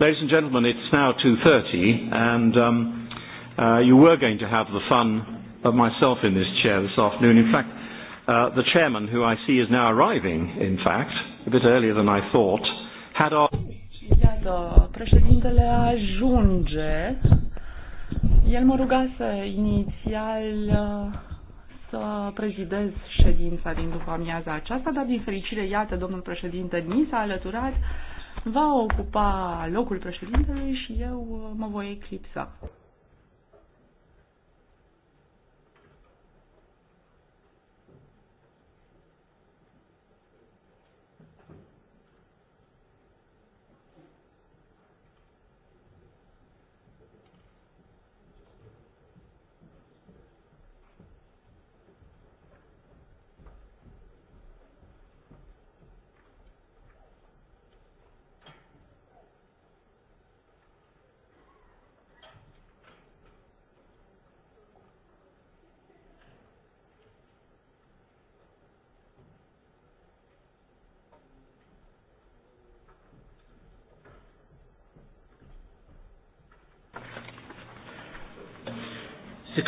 Ladies and gentlemen, it's now 2.30 and um, uh, you were going to have the fun of myself in this chair this afternoon. In fact, uh, the chairman, who I see is now arriving, in fact, a bit earlier than I thought, had our... Iată, președintele ajunge. El mă ruga să inițial uh, să prezidez ședința din după amiaza aceasta, dar din fericire, iată, domnul președinte ni s-a alăturat va ocupa locul președintelui și eu uh, mă voi eclipsa.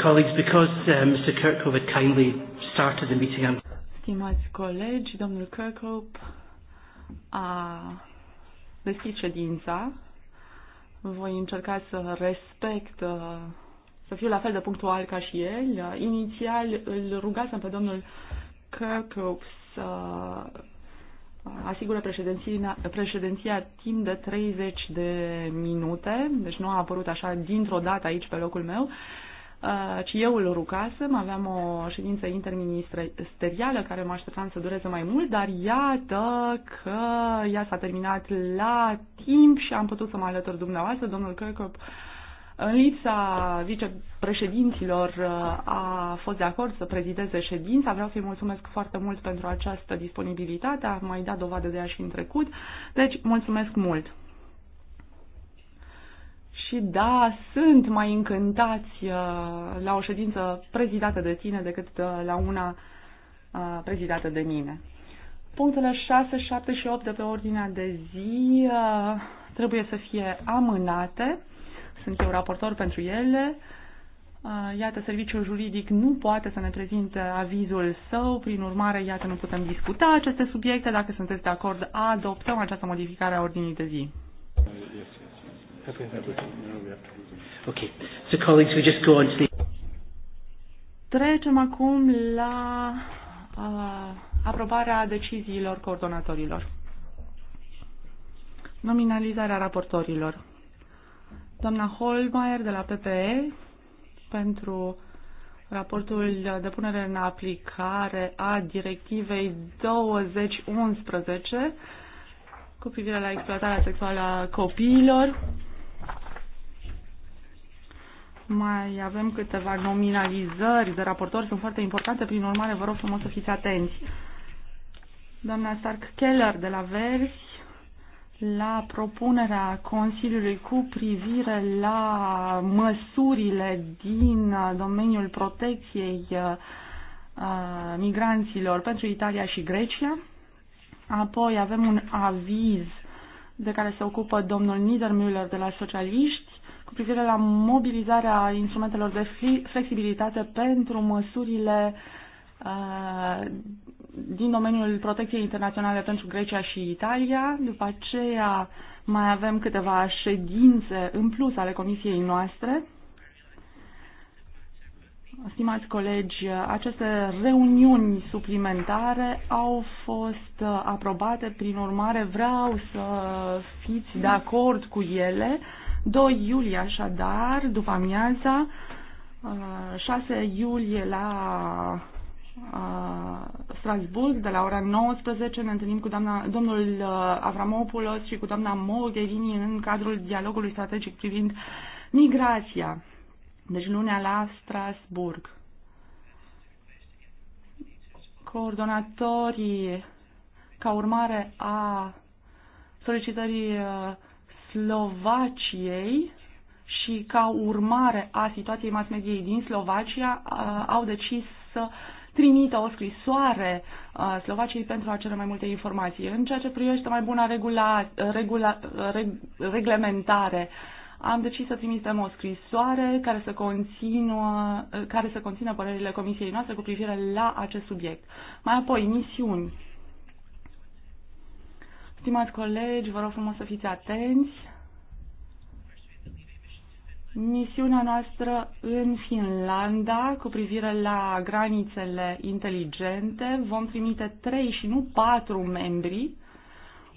colleagues, because uh, Mr. Kirkhope had kindly started the meeting, I'm... Stimați colegi, domnul Kirkhope a deschis ședința. Voi încerca să respect, uh, să fiu la fel de punctual ca și el. Inițial îl rugasem pe domnul Kirkhope să uh, asigură președinția, președinția timp de 30 de minute, deci nu a apărut așa dintr-o dată aici pe locul meu ci uh, eu îl rugasem, aveam o ședință interministerială care mă așteptam să dureze mai mult, dar iată că ea s-a terminat la timp și am putut să mă alătur dumneavoastră, domnul Kirkup, în lipsa vicepreședinților uh, a fost de acord să prezideze ședința. Vreau să-i mulțumesc foarte mult pentru această disponibilitate. A mai dat dovadă de ea și în trecut. Deci, mulțumesc mult! Și da, sunt mai încântați uh, la o ședință prezidată de tine decât uh, la una uh, prezidată de mine. Punctele 6, 7 și 8 de pe ordinea de zi trebuie să fie amânate. Sunt eu raportor pentru ele. Iată, serviciul juridic nu poate să ne prezinte avizul său, prin urmare, iată, nu putem discuta aceste subiecte. Dacă sunteți de acord, adoptăm această modificare a ordinii de zi. Yes, Ok, So colleagues, we just go on to the... Trecem acum la uh, aprobarea deciziilor coordonatorilor. Nominalizarea raportorilor. Doamna Holmeier de la PPE pentru raportul de punere în aplicare a directivei 2011 cu privire la exploatarea sexuală a copiilor. Mai avem câteva nominalizări de raportori, sunt foarte importante, prin urmare vă rog frumos să fiți atenți. Doamna Stark Keller de la Verzi, la propunerea Consiliului cu privire la măsurile din domeniul protecției uh, migranților pentru Italia și Grecia. Apoi avem un aviz de care se ocupă domnul Niedermüller de la Socialiști cu privire la mobilizarea instrumentelor de flexibilitate pentru măsurile uh, din domeniul protecției internaționale pentru Grecia și Italia. După aceea mai avem câteva ședințe în plus ale comisiei noastre. Stimați colegi, aceste reuniuni suplimentare au fost uh, aprobate, prin urmare vreau să fiți de acord cu ele. Uh, 2 iulie așadar, după amiaza, 6 uh, iulie la uh, Strasburg, de la ora 19, ne întâlnim cu doamna, domnul uh, Avramopoulos și cu doamna Mogherini în cadrul dialogului strategic privind migrația. Deci lunea la Strasburg. Coordonatorii, ca urmare a solicitării uh, Slovaciei și ca urmare a situației mass mediei din Slovacia au decis să trimită o scrisoare Slovaciei pentru a cere mai multe informații. În ceea ce privește mai buna regula, regula, reg, reglementare, am decis să trimitem o scrisoare care să, conțină, care să conțină părerile comisiei noastre cu privire la acest subiect. Mai apoi, misiuni Stimați colegi, vă rog frumos să fiți atenți. Misiunea noastră în Finlanda cu privire la granițele inteligente vom trimite trei și nu patru membri,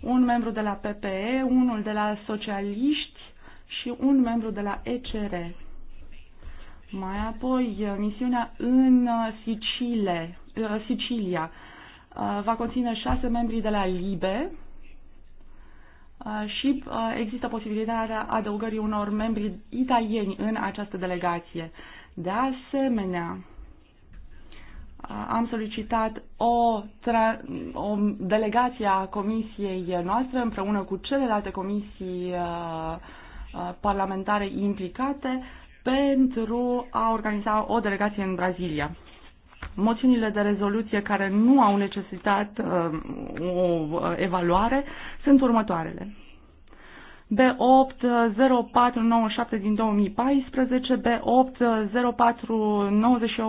un membru de la PPE, unul de la socialiști și un membru de la ECR. Mai apoi, misiunea în Sicile, Sicilia uh, va conține șase membri de la LIBE, Uh, și uh, există posibilitatea adăugării unor membri italieni în această delegație. De asemenea, uh, am solicitat o, o delegație a comisiei noastre împreună cu celelalte comisii parlamentare implicate pentru a organiza o delegație în Brazilia moțiunile de rezoluție care nu au necesitat uh, o uh, evaluare sunt următoarele. B80497 din 2014, B80498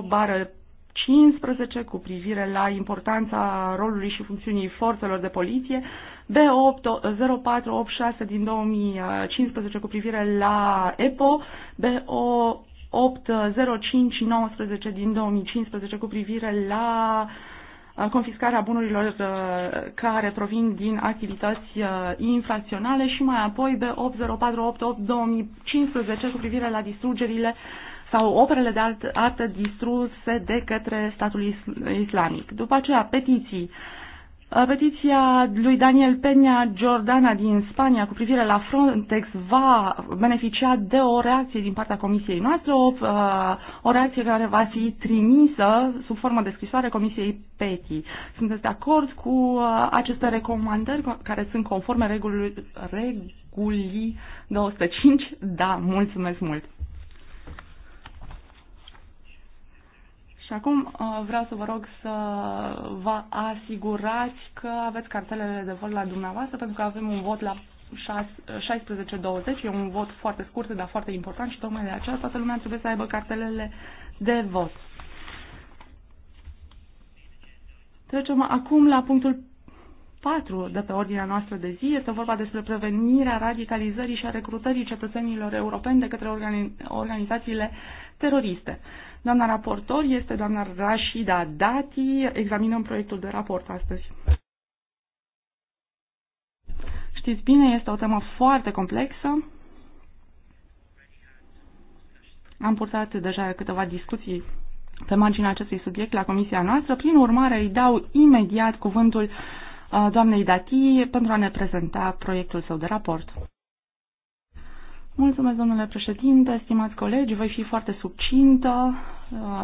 bară 15 cu privire la importanța rolului și funcțiunii forțelor de poliție, B80486 din 2015 cu privire la EPO, b BO 805-19 din 2015 cu privire la uh, confiscarea bunurilor uh, care provin din activități uh, infracționale și mai apoi de 80488-2015 cu privire la distrugerile sau operele de artă distruse de către statul islamic. După aceea, petiții Uh, petiția lui Daniel Peña Jordana din Spania cu privire la Frontex va beneficia de o reacție din partea comisiei noastre, o, uh, o reacție care va fi trimisă sub formă de scrisoare comisiei PETI. Sunteți de acord cu uh, aceste recomandări care sunt conforme regulii 205? Da, mulțumesc mult! Și acum uh, vreau să vă rog să vă asigurați că aveți cartelele de vot la dumneavoastră, pentru că avem un vot la 16.20, e un vot foarte scurt, dar foarte important și tocmai de aceea toată lumea trebuie să aibă cartelele de vot. Trecem acum la punctul 4 de pe ordinea noastră de zi. Este vorba despre prevenirea radicalizării și a recrutării cetățenilor europeni de către organi- organizațiile teroriste. Doamna raportor este doamna Rashida Dati. Examinăm proiectul de raport astăzi. Știți bine, este o temă foarte complexă. Am purtat deja câteva discuții pe marginea acestui subiect la comisia noastră. Prin urmare, îi dau imediat cuvântul uh, doamnei Dati pentru a ne prezenta proiectul său de raport. Mulțumesc, domnule președinte, stimați colegi, voi fi foarte subcintă.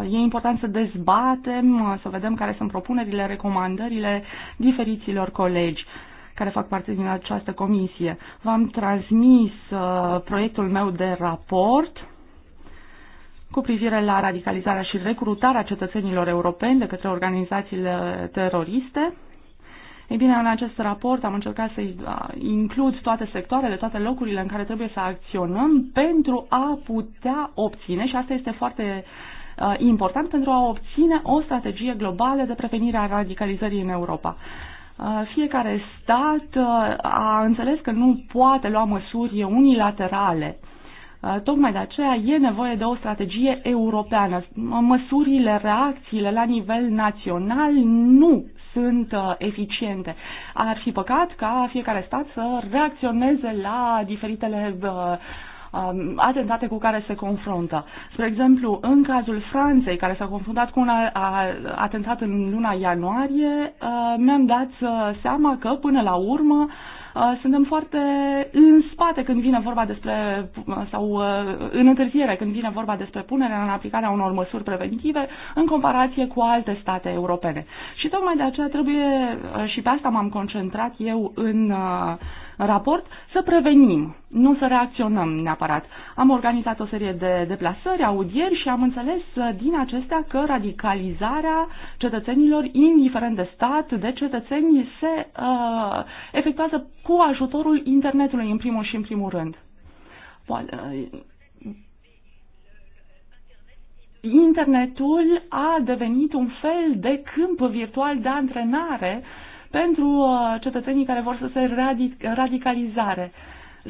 Uh, e important să dezbatem, uh, să vedem care sunt propunerile, recomandările diferiților colegi care fac parte din această comisie. V-am transmis uh, proiectul meu de raport cu privire la radicalizarea și recrutarea cetățenilor europeni de către organizațiile teroriste. Ei bine, în acest raport am încercat să includ toate sectoarele, toate locurile în care trebuie să acționăm pentru a putea obține, și asta este foarte important, pentru a obține o strategie globală de prevenire a radicalizării în Europa. Fiecare stat a înțeles că nu poate lua măsuri unilaterale. Tocmai de aceea e nevoie de o strategie europeană. Măsurile, reacțiile la nivel național nu sunt uh, eficiente. Ar fi păcat ca fiecare stat să reacționeze la diferitele uh, um, atentate cu care se confruntă. Spre exemplu, în cazul Franței, care s-a confruntat cu un atentat în luna ianuarie, uh, mi-am dat seama că, până la urmă, Uh, suntem foarte în spate când vine vorba despre, uh, sau uh, în întârziere când vine vorba despre punerea în aplicare a unor măsuri preventive în comparație cu alte state europene. Și tocmai de aceea trebuie, și pe asta m-am concentrat eu în raport, să prevenim, nu să reacționăm neapărat. Am organizat o serie de deplasări, audieri și am înțeles uh, din acestea că radicalizarea cetățenilor, indiferent de stat, de cetățeni se uh, efectuează cu ajutorul internetului, în primul și în primul rând. Poate, uh, internetul a devenit un fel de câmp virtual de antrenare uh, pentru uh, cetățenii care vor să se radic- radicalizare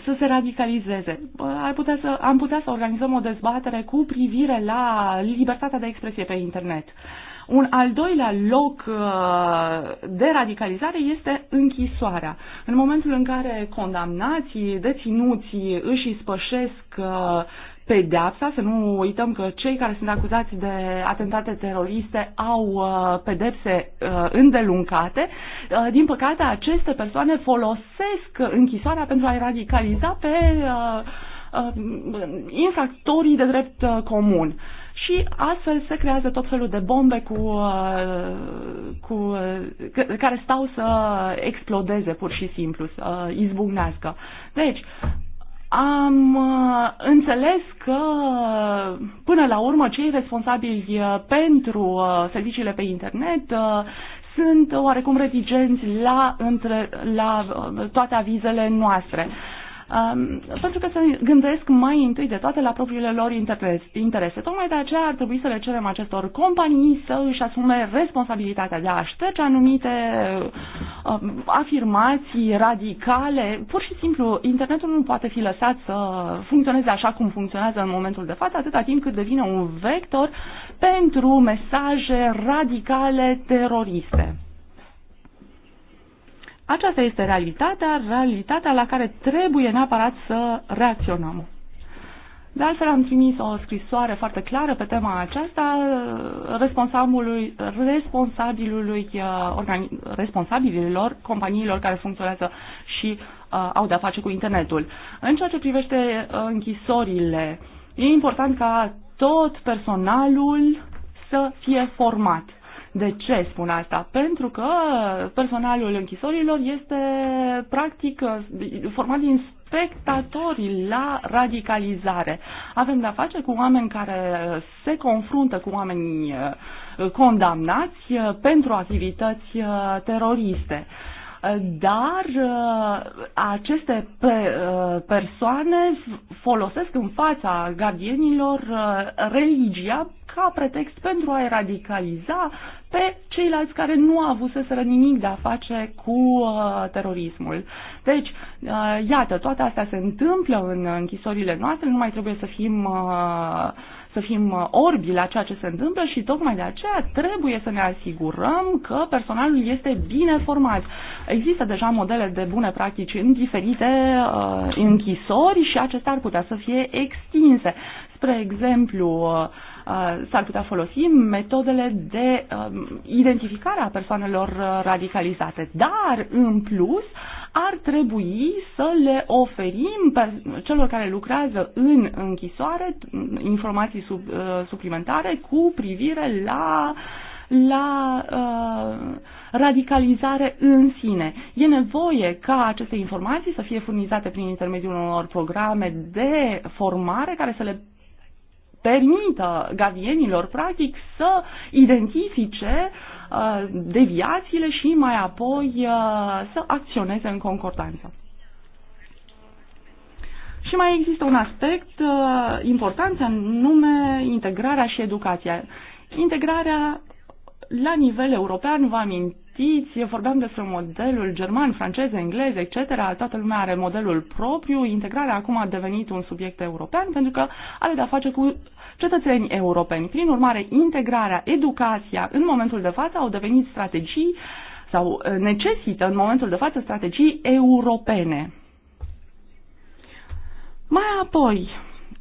să se radicalizeze. Uh, ar putea să, am putea să organizăm o dezbatere cu privire la libertatea de expresie pe internet. Un al doilea loc uh, de radicalizare este închisoarea. În momentul în care condamnații, deținuții își ispășesc pedeapsa, să nu uităm că cei care sunt acuzați de atentate teroriste au uh, pedepse uh, îndelungate. Uh, din păcate, aceste persoane folosesc închisoarea pentru a-i radicaliza pe uh, uh, infractorii de drept uh, comun. Și astfel se creează tot felul de bombe cu, uh, cu, uh, care stau să explodeze pur și simplu, să uh, izbucnească. Deci, am uh, înțeles că până la urmă cei responsabili uh, pentru uh, serviciile pe internet sunt oarecum reticenți la, între, la toate avizele noastre um, pentru că se gândesc mai întâi de toate la propriile lor interese. Tocmai de aceea ar trebui să le cerem acestor companii să își asume responsabilitatea de a șterge anumite um, afirmații radicale. Pur și simplu, internetul nu poate fi lăsat să funcționeze așa cum funcționează în momentul de față, atâta timp cât devine un vector pentru mesaje radicale teroriste. Aceasta este realitatea, realitatea la care trebuie neapărat să reacționăm. De altfel, am trimis o scrisoare foarte clară pe tema aceasta responsabilului, responsabilului uh, responsabililor companiilor care funcționează și uh, au de-a face cu internetul. În ceea ce privește uh, închisorile, e important ca tot personalul să fie format de ce spun asta? Pentru că personalul închisorilor este practic format din spectatorii la radicalizare. Avem de-a face cu oameni care se confruntă cu oameni eh, condamnați eh, pentru activități eh, teroriste dar uh, aceste uh, persoane folosesc în fața gardienilor uh, religia ca pretext pentru a-i radicaliza pe ceilalți care nu au avut să nimic de a face cu terorismul. Deci, iată, toate astea se întâmplă în închisorile noastre, nu mai trebuie să fim uh, să fim uh, orbi la ceea ce se întâmplă și tocmai de aceea trebuie să ne asigurăm că personalul este bine format. Există deja modele de bune practici în diferite uh, închisori și acestea ar putea să fie extinse. Spre exemplu, uh, Uh, s-ar putea folosi metodele de um, identificare a persoanelor uh, radicalizate, dar în plus ar trebui să le oferim celor care lucrează în închisoare mm, informații sub, uh, suplimentare cu privire la la uh, radicalizare în sine. E nevoie ca aceste informații să fie furnizate prin intermediul unor programe de formare care să le permită gavienilor, practic, să identifice uh, deviațiile și mai apoi uh, să acționeze în concordanță. Și mai există un aspect uh, important important, anume integrarea și educația. Integrarea la nivel european, vă amint, investiție, vorbeam despre modelul german, francez, englez, etc. Toată lumea are modelul propriu. Integrarea acum a devenit un subiect european pentru că are de-a face cu cetățeni europeni. Prin urmare, integrarea, educația, în momentul de față au devenit strategii sau uh, necesită în momentul de față strategii europene. Mai apoi,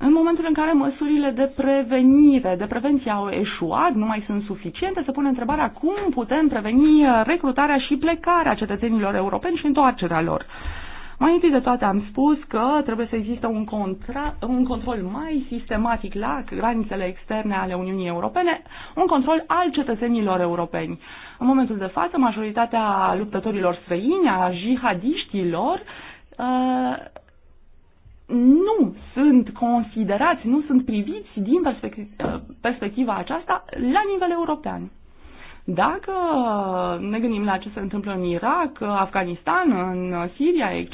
în momentul în care măsurile de prevenire, de prevenție au eșuat, nu mai sunt suficiente, se pune întrebarea cum putem preveni recrutarea și plecarea cetățenilor europeni și întoarcerea lor. Mai întâi de toate am spus că trebuie să existe un, contra, un control mai sistematic la granițele externe ale Uniunii Europene, un control al cetățenilor europeni. În momentul de față, majoritatea luptătorilor străini, a jihadiștilor, uh, nu sunt considerați, nu sunt priviți din perspectiva aceasta la nivel european. Dacă ne gândim la ce se întâmplă în Irak, Afganistan, în Siria, etc.,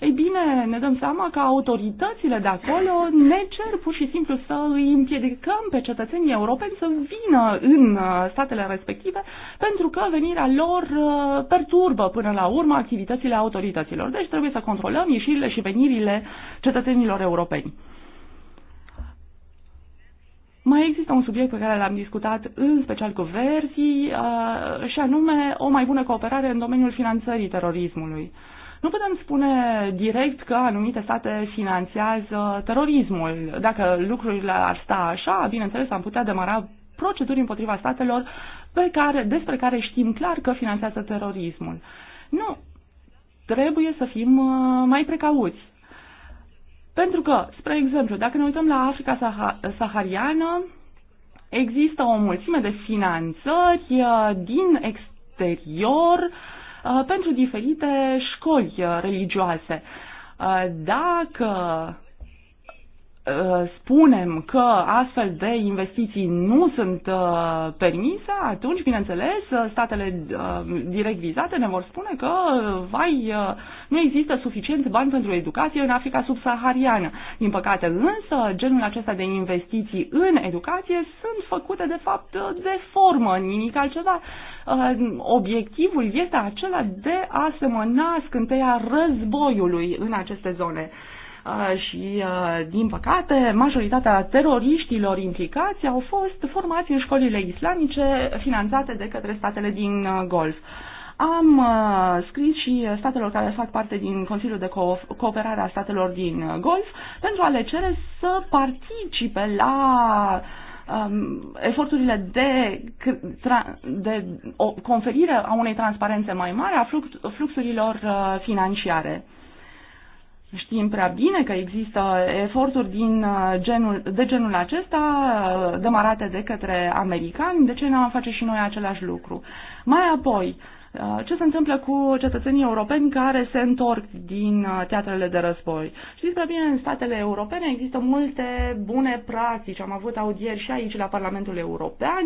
ei bine, ne dăm seama că autoritățile de acolo ne cer pur și simplu să îi împiedicăm pe cetățenii europeni să vină în uh, statele respective, pentru că venirea lor uh, perturbă până la urmă activitățile autorităților. Deci trebuie să controlăm ieșirile și venirile cetățenilor europeni. Mai există un subiect pe care l-am discutat în special cu verzii uh, și anume o mai bună cooperare în domeniul finanțării terorismului. Nu putem spune direct că anumite state finanțează terorismul. Dacă lucrurile ar sta așa, bineînțeles, am putea demara proceduri împotriva statelor pe care, despre care știm clar că finanțează terorismul. Nu, trebuie să fim uh, mai precauți. Pentru că, spre exemplu, dacă ne uităm la Africa Sah- Sahariană, există o mulțime de finanțări uh, din exterior uh, pentru diferite școli uh, religioase. Dacă Uh, spunem că astfel de investiții nu sunt uh, permise, atunci, bineînțeles, uh, statele direct vizate ne vor spune că, vai, nu există suficient bani pentru educație în Africa subsahariană. Din păcate, însă, genul acesta de investiții în educație sunt făcute, de fapt, de formă, nimic altceva. Obiectivul este acela de a semăna scânteia războiului în aceste zone și, din păcate, majoritatea teroriștilor implicați au fost formați în școlile islamice finanțate de către statele din Golf. Am scris și statelor care fac parte din Consiliul de Cooperare a Statelor din Golf pentru a le cere să participe la eforturile de, de o conferire a unei transparențe mai mari a fluxurilor financiare. Știm prea bine că există eforturi din uh, genul, de genul acesta uh, demarate de către americani, de ce n-am face și noi același lucru? Mai apoi, uh, ce se întâmplă cu cetățenii europeni care se întorc din teatrele de război. Știți prea bine, în statele europene există multe bune practici. Am avut audieri și aici la Parlamentul European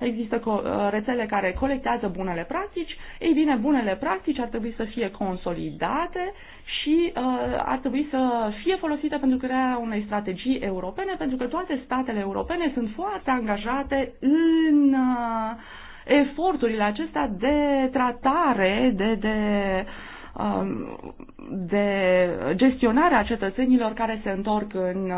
există uh, rețele care colectează bunele practici, ei bine, bunele practici ar trebui să fie consolidate și uh, ar trebui să fie folosite pentru crearea unei strategii europene, pentru că toate statele europene sunt foarte angajate în uh, eforturile acestea de tratare, de, de uh, de a cetățenilor care se întorc în uh,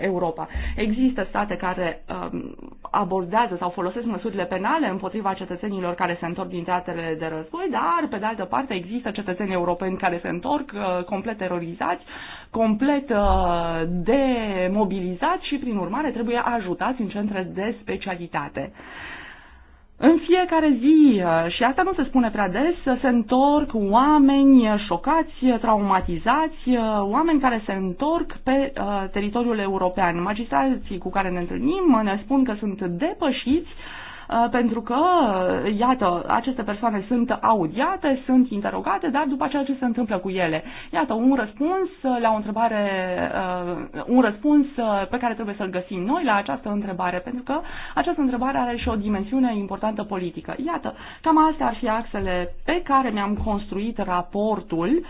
Europa. Există state care um, abordează sau folosesc măsurile penale împotriva cetățenilor care se întorc din teatrele de război, dar, pe de altă parte, există cetățeni europeni care se întorc uh, complet terorizați, complet uh, demobilizați și, prin urmare, trebuie ajutați în centre de specialitate. Uh, în fiecare zi, uh, și asta nu se spune prea des, uh, se întorc oameni șocați, uh, traumatizați, oameni care se întorc pe teritoriul european. Magistrații cu care ne întâlnim ne spun că sunt depășiți uh, Uh, pentru că, iată, aceste persoane sunt audiate, sunt interogate, dar după aceea ce se întâmplă cu ele? Iată, un răspuns la o întrebare, uh, un răspuns uh, pe care trebuie să-l găsim noi la această întrebare, pentru că această întrebare are și o dimensiune importantă politică. Iată, cam astea ar fi axele pe care mi-am construit raportul uh,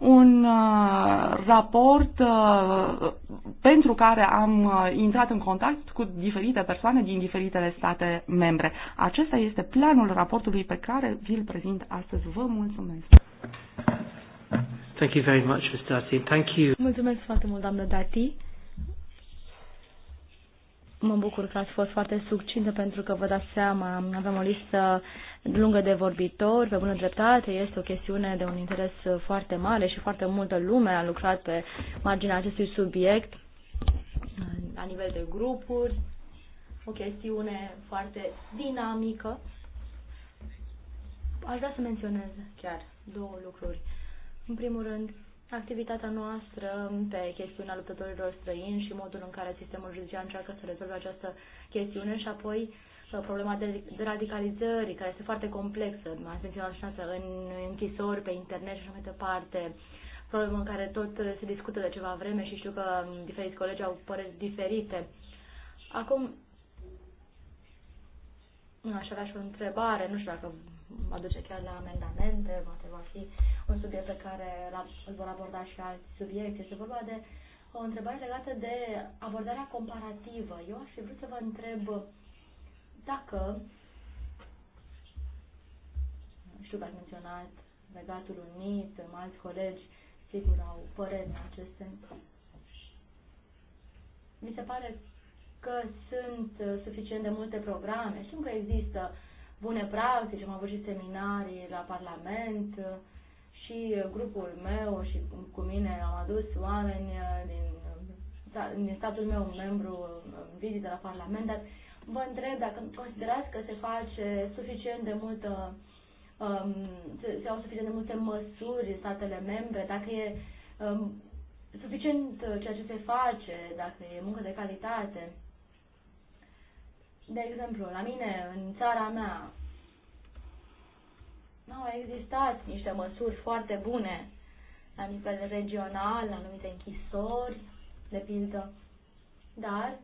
un uh, raport uh, pentru care am uh, intrat în contact cu diferite persoane din diferitele state membre. Acesta este planul raportului pe care vi-l prezint astăzi. Vă mulțumesc! Thank you very much, Mr. Dati. Thank you. Mulțumesc foarte mult, doamnă Dati. Mă bucur că ați fost foarte succintă pentru că vă dați seama, avem o listă lungă de vorbitori, pe bună dreptate, este o chestiune de un interes foarte mare și foarte multă lume a lucrat pe marginea acestui subiect la nivel de grupuri, o chestiune foarte dinamică. Aș vrea să menționez chiar două lucruri. În primul rând, activitatea noastră pe chestiunea luptătorilor străini și modul în care sistemul judiciar încearcă să rezolve această chestiune și apoi uh, problema de radicalizării, care este foarte complexă, ați menționat și asta, în închisori, pe internet și așa mai departe, problemă în care tot se discută de ceva vreme și știu că um, diferiți colegi au păreri diferite. Acum, aș avea și o întrebare, nu știu dacă duce chiar la amendamente, poate va fi un subiect pe care îl vor aborda și alți subiecte. Este vorba de o întrebare legată de abordarea comparativă. Eu aș fi vrut să vă întreb dacă știu că ați menționat Legatul Unit, alți colegi sigur au păreri în acest sens. Mi se pare că sunt suficient de multe programe. Știu că există bune practici, am avut și seminarii la Parlament și grupul meu și cu mine am adus oameni din, din statul meu, un membru în vizită la Parlament, dar Vă întreb dacă considerați că se face suficient de multă, um, se, se au suficient de multe măsuri statele membre, dacă e um, suficient uh, ceea ce se face, dacă e muncă de calitate. De exemplu, la mine, în țara mea, nu au existat niște măsuri foarte bune la nivel regional, la anumite închisori, de pildă, dar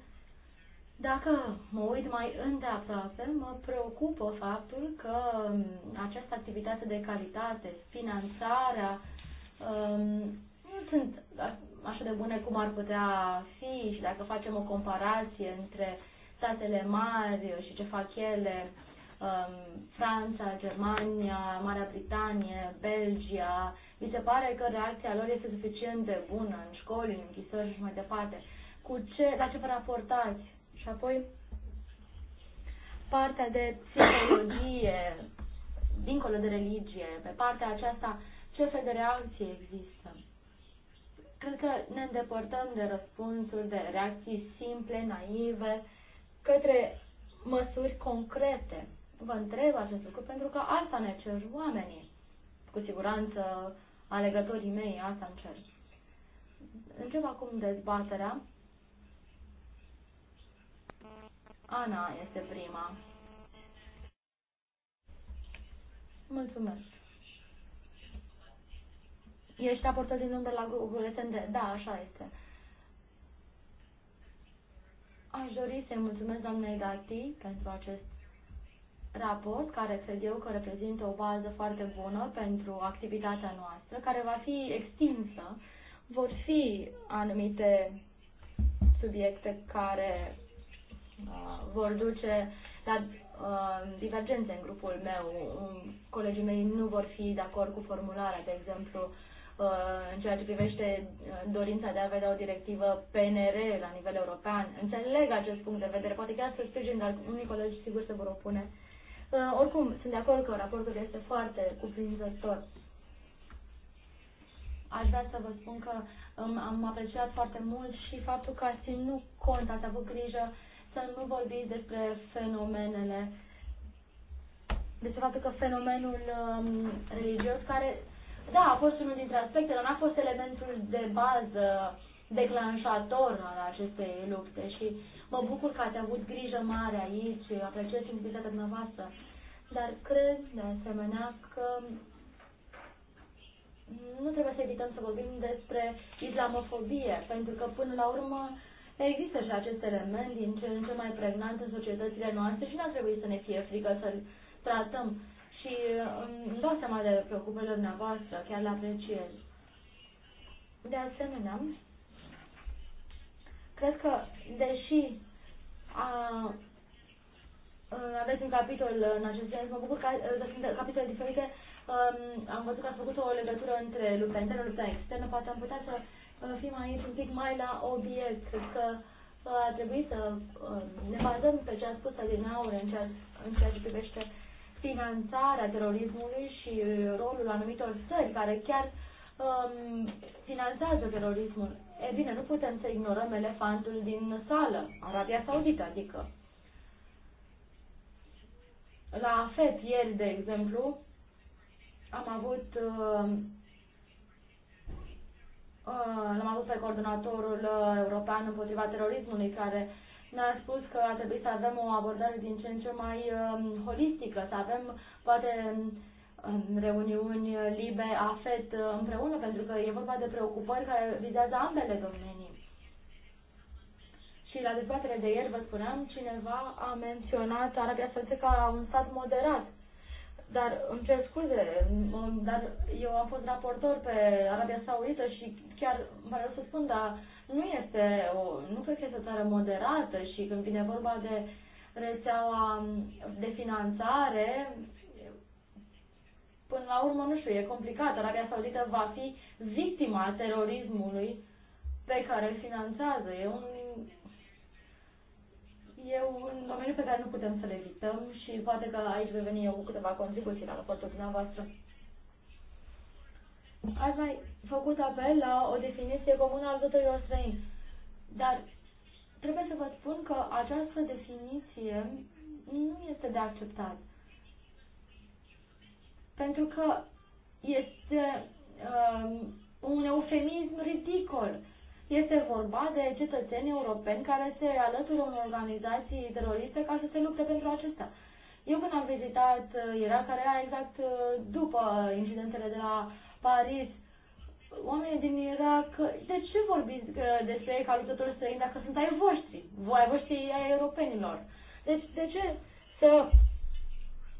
dacă mă uit mai îndeaproape, mă preocupă faptul că um, această activitate de calitate, finanțarea, um, nu sunt așa de bune cum ar putea fi și dacă facem o comparație între statele mari și ce fac ele, um, Franța, Germania, Marea Britanie, Belgia, mi se pare că reacția lor este suficient de bună în școli, în închisori și mai departe. Cu ce, la ce vă raportați? Și apoi partea de psihologie, dincolo de religie, pe partea aceasta, ce fel de reacție există? Cred că ne îndepărtăm de răspunsuri, de reacții simple, naive, către măsuri concrete. Vă întreb acest lucru pentru că asta ne cer oamenii. Cu siguranță alegătorii mei asta îmi cer. Încep acum dezbaterea Ana este prima. Mulțumesc. Ești aportat din unde la grupul SND? Da, așa este. Aș dori să-i mulțumesc doamnei Gati pentru acest raport, care cred eu că reprezintă o bază foarte bună pentru activitatea noastră, care va fi extinsă. Vor fi anumite subiecte care Uh, vor duce la uh, divergențe în grupul meu. Um, colegii mei nu vor fi de acord cu formularea, de exemplu, uh, în ceea ce privește dorința de a vedea o directivă PNR la nivel european. Înțeleg acest punct de vedere, poate chiar să sprijin, dar unii colegi sigur se vor opune. Oricum, sunt de acord că raportul este foarte cuprinzător. Aș vrea să vă spun că um, am apreciat foarte mult și faptul că ați ținut cont, ați avut grijă uh, să nu vorbiți despre fenomenele, despre faptul că fenomenul um, religios care, da, a fost unul dintre aspecte, dar n-a fost elementul de bază declanșator al acestei lupte și mă bucur că ați avut grijă mare aici, apreciez simplitatea dumneavoastră, dar cred de asemenea că nu trebuie să evităm să vorbim despre islamofobie, pentru că până la urmă Există și acest element din ce în ce mai pregnant în societățile noastre și nu ar trebui să ne fie frică să-l tratăm și um, îmi dau seama de preocupările dumneavoastră, chiar le apreciez. De asemenea, cred că, deși a, uh, aveți un capitol în acest sens, mă bucur că, a, uh, sunt capitole diferite, a, um, am văzut că ați făcut o legătură între lupta internă, lupta externă, poate am putea să fim aici un pic mai la obiect. Cred că uh, ar trebui să uh, ne bazăm pe ce a spus Adinaure în ceea, în ceea ce privește finanțarea terorismului și uh, rolul anumitor țări care chiar um, finanțează terorismul. E bine, nu putem să ignorăm elefantul din sală, Arabia Saudită, adică. La FET ieri, de exemplu, am avut uh, Uh, l-am avut pe coordonatorul uh, european împotriva terorismului, care ne-a spus că ar trebui să avem o abordare din ce în ce mai um, holistică, să avem poate reuniuni uh, libe, afet împreună, pentru că e vorba de preocupări care vizează ambele domenii. Și la dezbatere de ieri, vă spuneam, cineva a menționat Arabia Saudită ca un stat moderat. Dar îmi cer scuze, dar eu am fost raportor pe Arabia Saudită și chiar vreau să spun, dar nu este, o, nu cred că este o țară moderată și când vine vorba de rețeaua de finanțare, până la urmă, nu știu, e complicat. Arabia Saudită va fi victima terorismului pe care îl finanțează. E un E un domeniu pe care nu putem să-l evităm și poate că aici voi veni eu cu câteva contribuții la raportul dumneavoastră. Ați mai făcut apel la o definiție comună a ajutorilor străini, dar trebuie să vă spun că această definiție nu este de acceptat. Pentru că este um, un eufemism ridicol. Uh, este vorba de cetățeni europeni care se alătură unei organizații teroriste ca să se lupte pentru acesta. Eu când am vizitat Irak, uh, care era exact uh, după incidentele de la Paris, oamenii din Irak, de ce vorbiți uh, despre ei ca luptători străini dacă sunt ai voștri? Voi ai voștri ai europenilor. Deci de ce să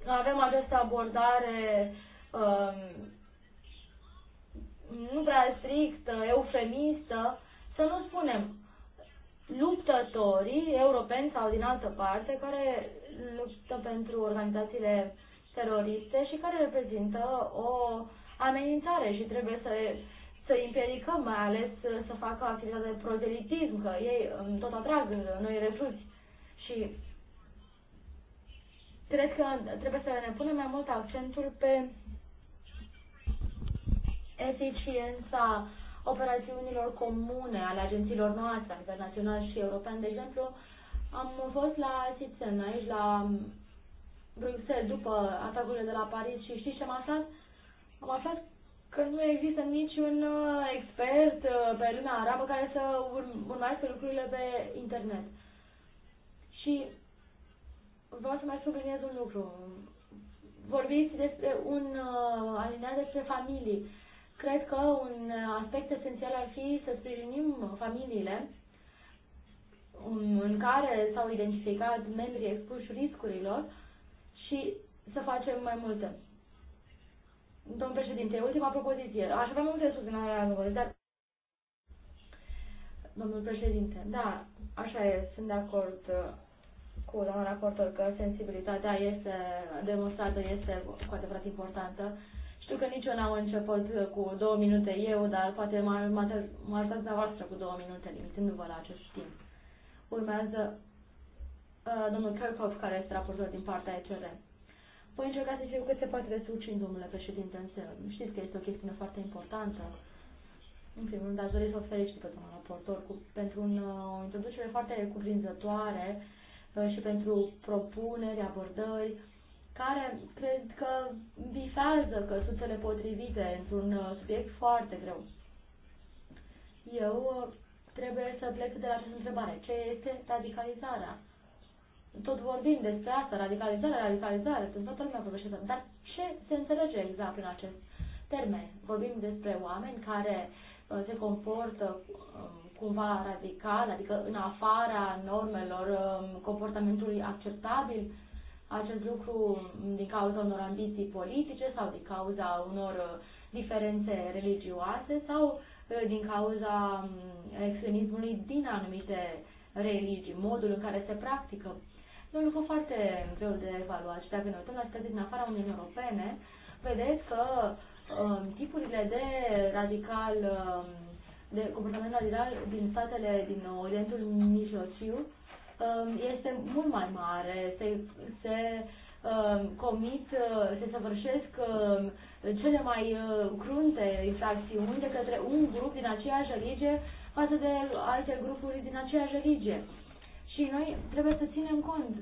avem această abordare um, nu prea strictă, eufemistă, să nu spunem luptătorii europeni sau din altă parte care luptă pentru organizațiile teroriste și care reprezintă o amenințare și trebuie să, să împiedicăm, mai ales să facă activitate de prozelitism, că ei um, tot atrag noi refuzi Și cred că trebuie să ne punem mai mult accentul pe eficiența operațiunilor comune ale agențiilor noastre, internațional și european. De exemplu, am fost la Sitzen, aici la Bruxelles, după atacurile de la Paris și știți ce am aflat? Am aflat că nu există niciun uh, expert uh, pe lumea arabă care să urmărească lucrurile pe internet. Și vreau să mai subliniez un lucru. Vorbiți despre un uh, alineat despre familii. Cred că un aspect esențial ar fi să sprijinim familiile în care s-au identificat membrii expuși riscurilor și să facem mai multe. Domn președinte, ultima propoziție. Aș avea multe susținere la număr, dar... Domnul președinte, da, așa e, sunt de acord uh, cu doamna raportor că sensibilitatea este demonstrată, este cu adevărat importantă știu că nici eu n-am început cu două minute eu, dar poate mă ajutați voastră cu două minute, limitându-vă la acest timp. Urmează uh, domnul Kirchhoff, care este raportor din partea ECR. Voi încerca să fiu cât se poate de succint, domnule președinte, însă știți că este o chestiune foarte importantă. În primul rând, aș dori să o felicit pe domnul raportor cu, pentru un, uh, o introducere foarte cuprinzătoare uh, și pentru propuneri, abordări care cred că bifează căsuțele potrivite într-un uh, subiect foarte greu. Eu uh, trebuie să plec de la această întrebare. Ce este radicalizarea? Tot vorbim despre asta, radicalizare, radicalizare, sunt toată lumea vorbește, dar ce se înțelege exact prin acest termen? Vorbim despre oameni care uh, se comportă um, cumva radical, adică în afara normelor um, comportamentului acceptabil, acest lucru din cauza unor ambiții politice sau din cauza unor uh, diferențe religioase sau uh, din cauza um, extremismului din anumite religii, modul în care se practică. E un lucru foarte um, greu de evaluat și dacă ne uităm la state din afara Uniunii Europene, vedeți că um, tipurile de radical, um, de comportament radical din statele din Orientul Mijlociu Um, este mult mai mare, se, se um, comit, uh, se săvârșesc um, cele mai uh, crunte infracțiuni de către un grup din aceeași religie față de alte grupuri din aceeași religie. Și noi trebuie să ținem cont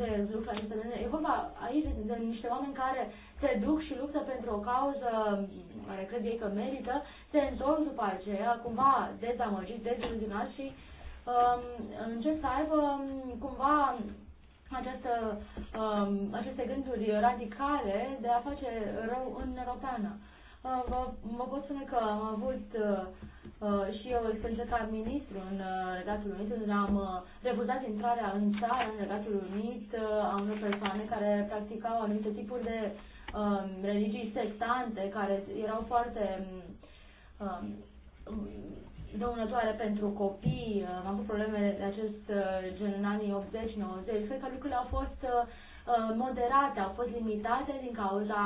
de lucrurile acestea. E vorba aici de niște oameni care se duc și luptă pentru o cauză care cred ei că merită, se întorc după aceea, cumva dezamăgit, deziluzionat și Um, încep să aibă um, cumva această, um, aceste gânduri radicale de a face rău în europeană. Uh, vă, vă pot spune că am avut uh, uh și eu experiență ca ministru în uh, Regatul Unit, unde am refuzat intrarea în țară, în Regatul Unit, am avut persoane care practicau anumite tipuri de uh, religii sectante, care erau foarte uh, dăunătoare pentru copii, uh, am avut probleme de acest uh, gen în anii 80-90, cred că lucrurile au fost uh, moderate, au fost limitate din cauza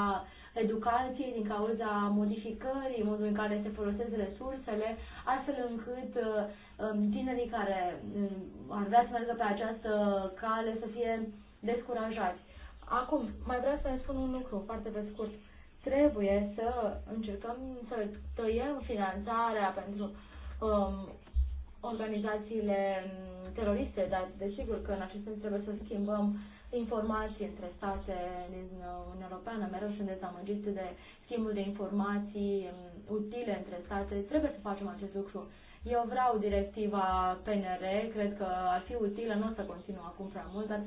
educației, din cauza modificării, modul în care se folosesc resursele, astfel încât um, tinerii care um, ar vrea să meargă pe această cale să fie descurajați. Acum, mai vreau să spun un lucru foarte pe scurt. Trebuie să încercăm să tăiem finanțarea pentru um, organizațiile um, teroriste, dar desigur că în acest sens trebuie să schimbăm informații între state din uh, Uniunea Europeană. Mereu sunt dezamăgit de schimbul de informații um, utile între state. Trebuie să facem acest lucru. Eu vreau directiva PNR, cred că ar fi utilă, nu o să continuă acum prea mult, dar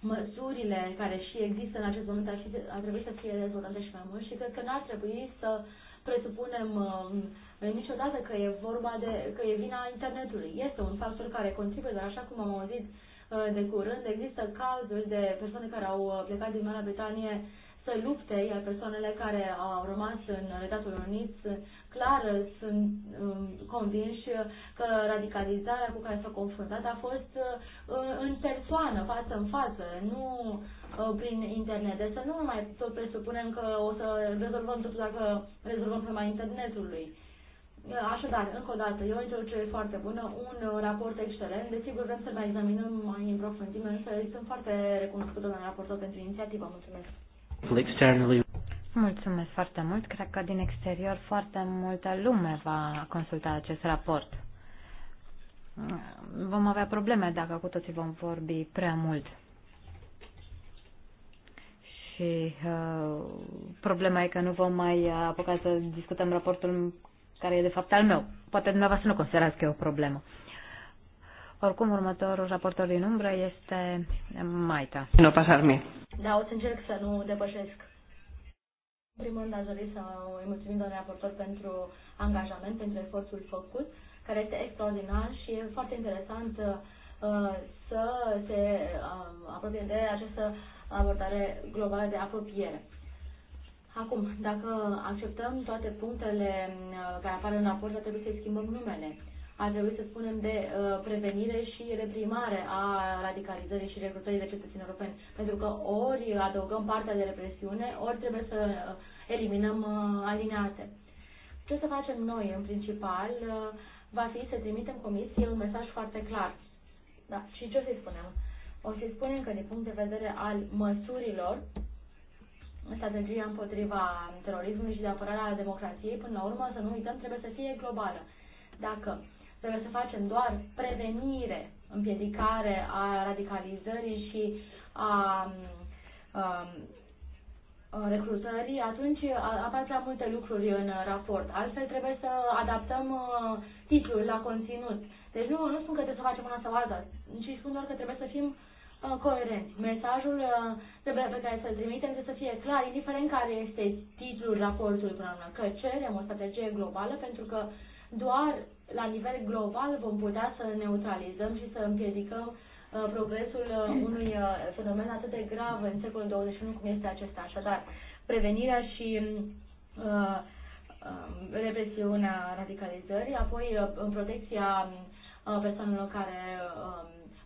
măsurile care și există în acest moment ar, fi, ar trebui să fie dezvoltate și mai mult și cred că n-ar trebui să uh, presupunem uh, niciodată că e vorba de, că e vina internetului. Este un factor care contribuie, dar așa cum am auzit uh, de curând, există cazuri de persoane care au uh, plecat din Marea Britanie să lupte, iar persoanele care au rămas în Regatul Unit clar sunt um, convinși că radicalizarea cu care s-au confruntat a fost uh, în persoană, față în față, nu uh, prin internet. Deci să nu mai tot presupunem că o să rezolvăm totul dacă rezolvăm problema internetului. Uh, așadar, încă o dată, e o introducere foarte bună, un raport excelent. Desigur, vrem să-l mai examinăm mai în profunzime, însă sunt foarte recunoscută, doamna raportor, pentru inițiativă. Mulțumesc! Mulțumesc foarte mult. Cred că din exterior foarte multă lume va consulta acest raport. Vom avea probleme dacă cu toții vom vorbi prea mult. Și uh, problema e că nu vom mai apuca să discutăm raportul care e de fapt al meu. Poate dumneavoastră nu considerați că e o problemă. Oricum, următorul raportor din umbră este Maita. Nu pasar mie dar o să încerc să nu depășesc. În primul rând, aș dori să îi mulțumim doamnei raportor pentru angajament, pentru efortul făcut, care este extraordinar și e foarte interesant uh, să se uh, apropie de această abordare globală de apropiere. Acum, dacă acceptăm toate punctele uh, care apar în raport, trebuie să-i schimbăm numele ar trebui să spunem, de uh, prevenire și reprimare a radicalizării și recrutării de cetățeni europeni. Pentru că ori adăugăm partea de represiune, ori trebuie să uh, eliminăm uh, alineate. Ce să facem noi, în principal, uh, va fi să trimitem comisiei un mesaj foarte clar. Da. Și ce o să-i spunem? O să-i spunem că, din punct de vedere al măsurilor, strategia împotriva terorismului și de apărarea democrației, până la urmă, să nu uităm, trebuie să fie globală. Dacă Trebuie să facem doar prevenire, împiedicare a radicalizării și a, um, a recrutării, atunci apar prea multe lucruri în raport. Altfel trebuie să adaptăm uh, titlul la conținut. Deci nu, nu spun că trebuie să facem una sau alta, ci spun doar că trebuie să fim uh, coerenți. Mesajul uh, trebuie pe care să-l trimitem trebuie să fie clar, indiferent care este titlul raportului până la că cerem o strategie globală, pentru că doar la nivel global vom putea să neutralizăm și să împiedicăm uh, progresul uh, unui uh, fenomen atât de grav în secolul 21 cum este acesta. Așadar, prevenirea și represiunea radicalizării, apoi protecția persoanelor care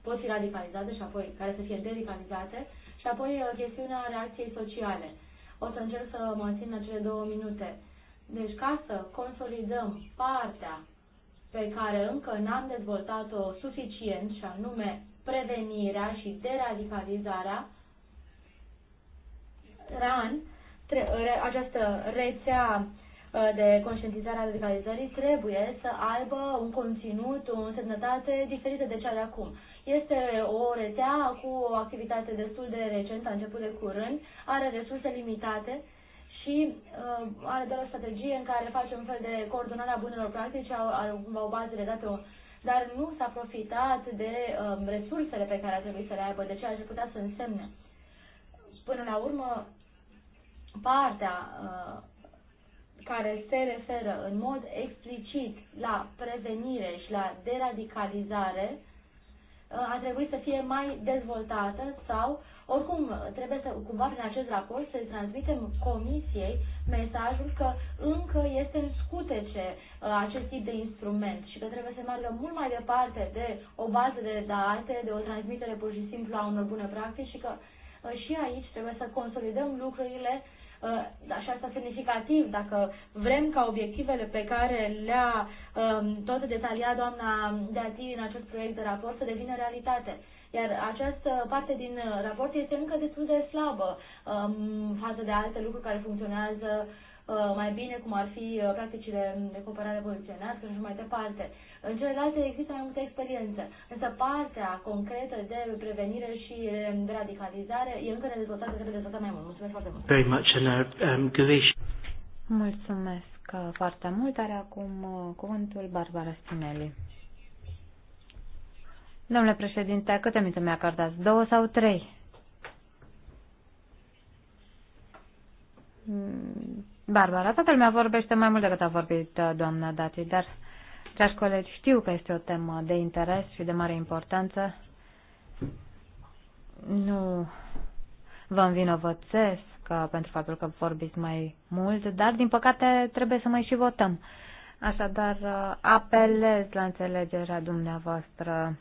pot fi radicalizate și apoi care să fie deradicalizate și apoi chestiunea reacției sociale. O să încerc să mă țin la cele două minute. Deci ca să consolidăm partea pe care încă n-am dezvoltat-o suficient, și anume prevenirea și deradicalizarea, RAN, tre- re- această rețea ă, de conștientizare a radicalizării trebuie să aibă un conținut, o însemnătate diferită de cea de acum. Este o rețea cu o activitate destul de recentă, a început de curând, are resurse limitate și uh, are doar o strategie în care face un fel de coordonare a bunelor practici, au, au, au baze de date, dar nu s-a profitat de uh, resursele pe care a trebuit să le aibă, de ceea ce putea să însemne. Până la urmă, partea uh, care se referă în mod explicit la prevenire și la deradicalizare uh, a trebuit să fie mai dezvoltată sau oricum, trebuie să, cumva, prin acest raport să transmitem comisiei mesajul că încă este în scutece uh, acest tip de instrument și că trebuie să meargă mult mai departe de o bază de date, de o transmitere pur și simplu a unor bune practici și că uh, și aici trebuie să consolidăm lucrurile și uh, asta semnificativ, dacă vrem ca obiectivele pe care le-a um, tot detaliat doamna Deati în acest proiect de raport să devină realitate. Iar această parte din uh, raport este încă destul de slabă um, față de alte lucruri care funcționează uh, mai bine, cum ar fi uh, practicile de cooperare evoluționească și mai departe. În celelalte există mai multă experiență, însă partea concretă de prevenire și de radicalizare e încă nedezvoltată, trebuie dezvoltată mai mult. Mulțumesc foarte mult! Very much in our, um, Mulțumesc uh, foarte mult. Are acum uh, cuvântul Barbara Spinelli. Domnule președinte, câte minute mi acordați? Două sau trei? Mm, Barbara, toată lumea vorbește mai mult decât a vorbit uh, doamna Dati, dar, dragi colegi, știu că este o temă de interes și de mare importanță. Nu vă învinovățesc uh, pentru faptul că vorbiți mai mult, dar, din păcate, trebuie să mai și votăm. Așadar, uh, apelez la înțelegerea dumneavoastră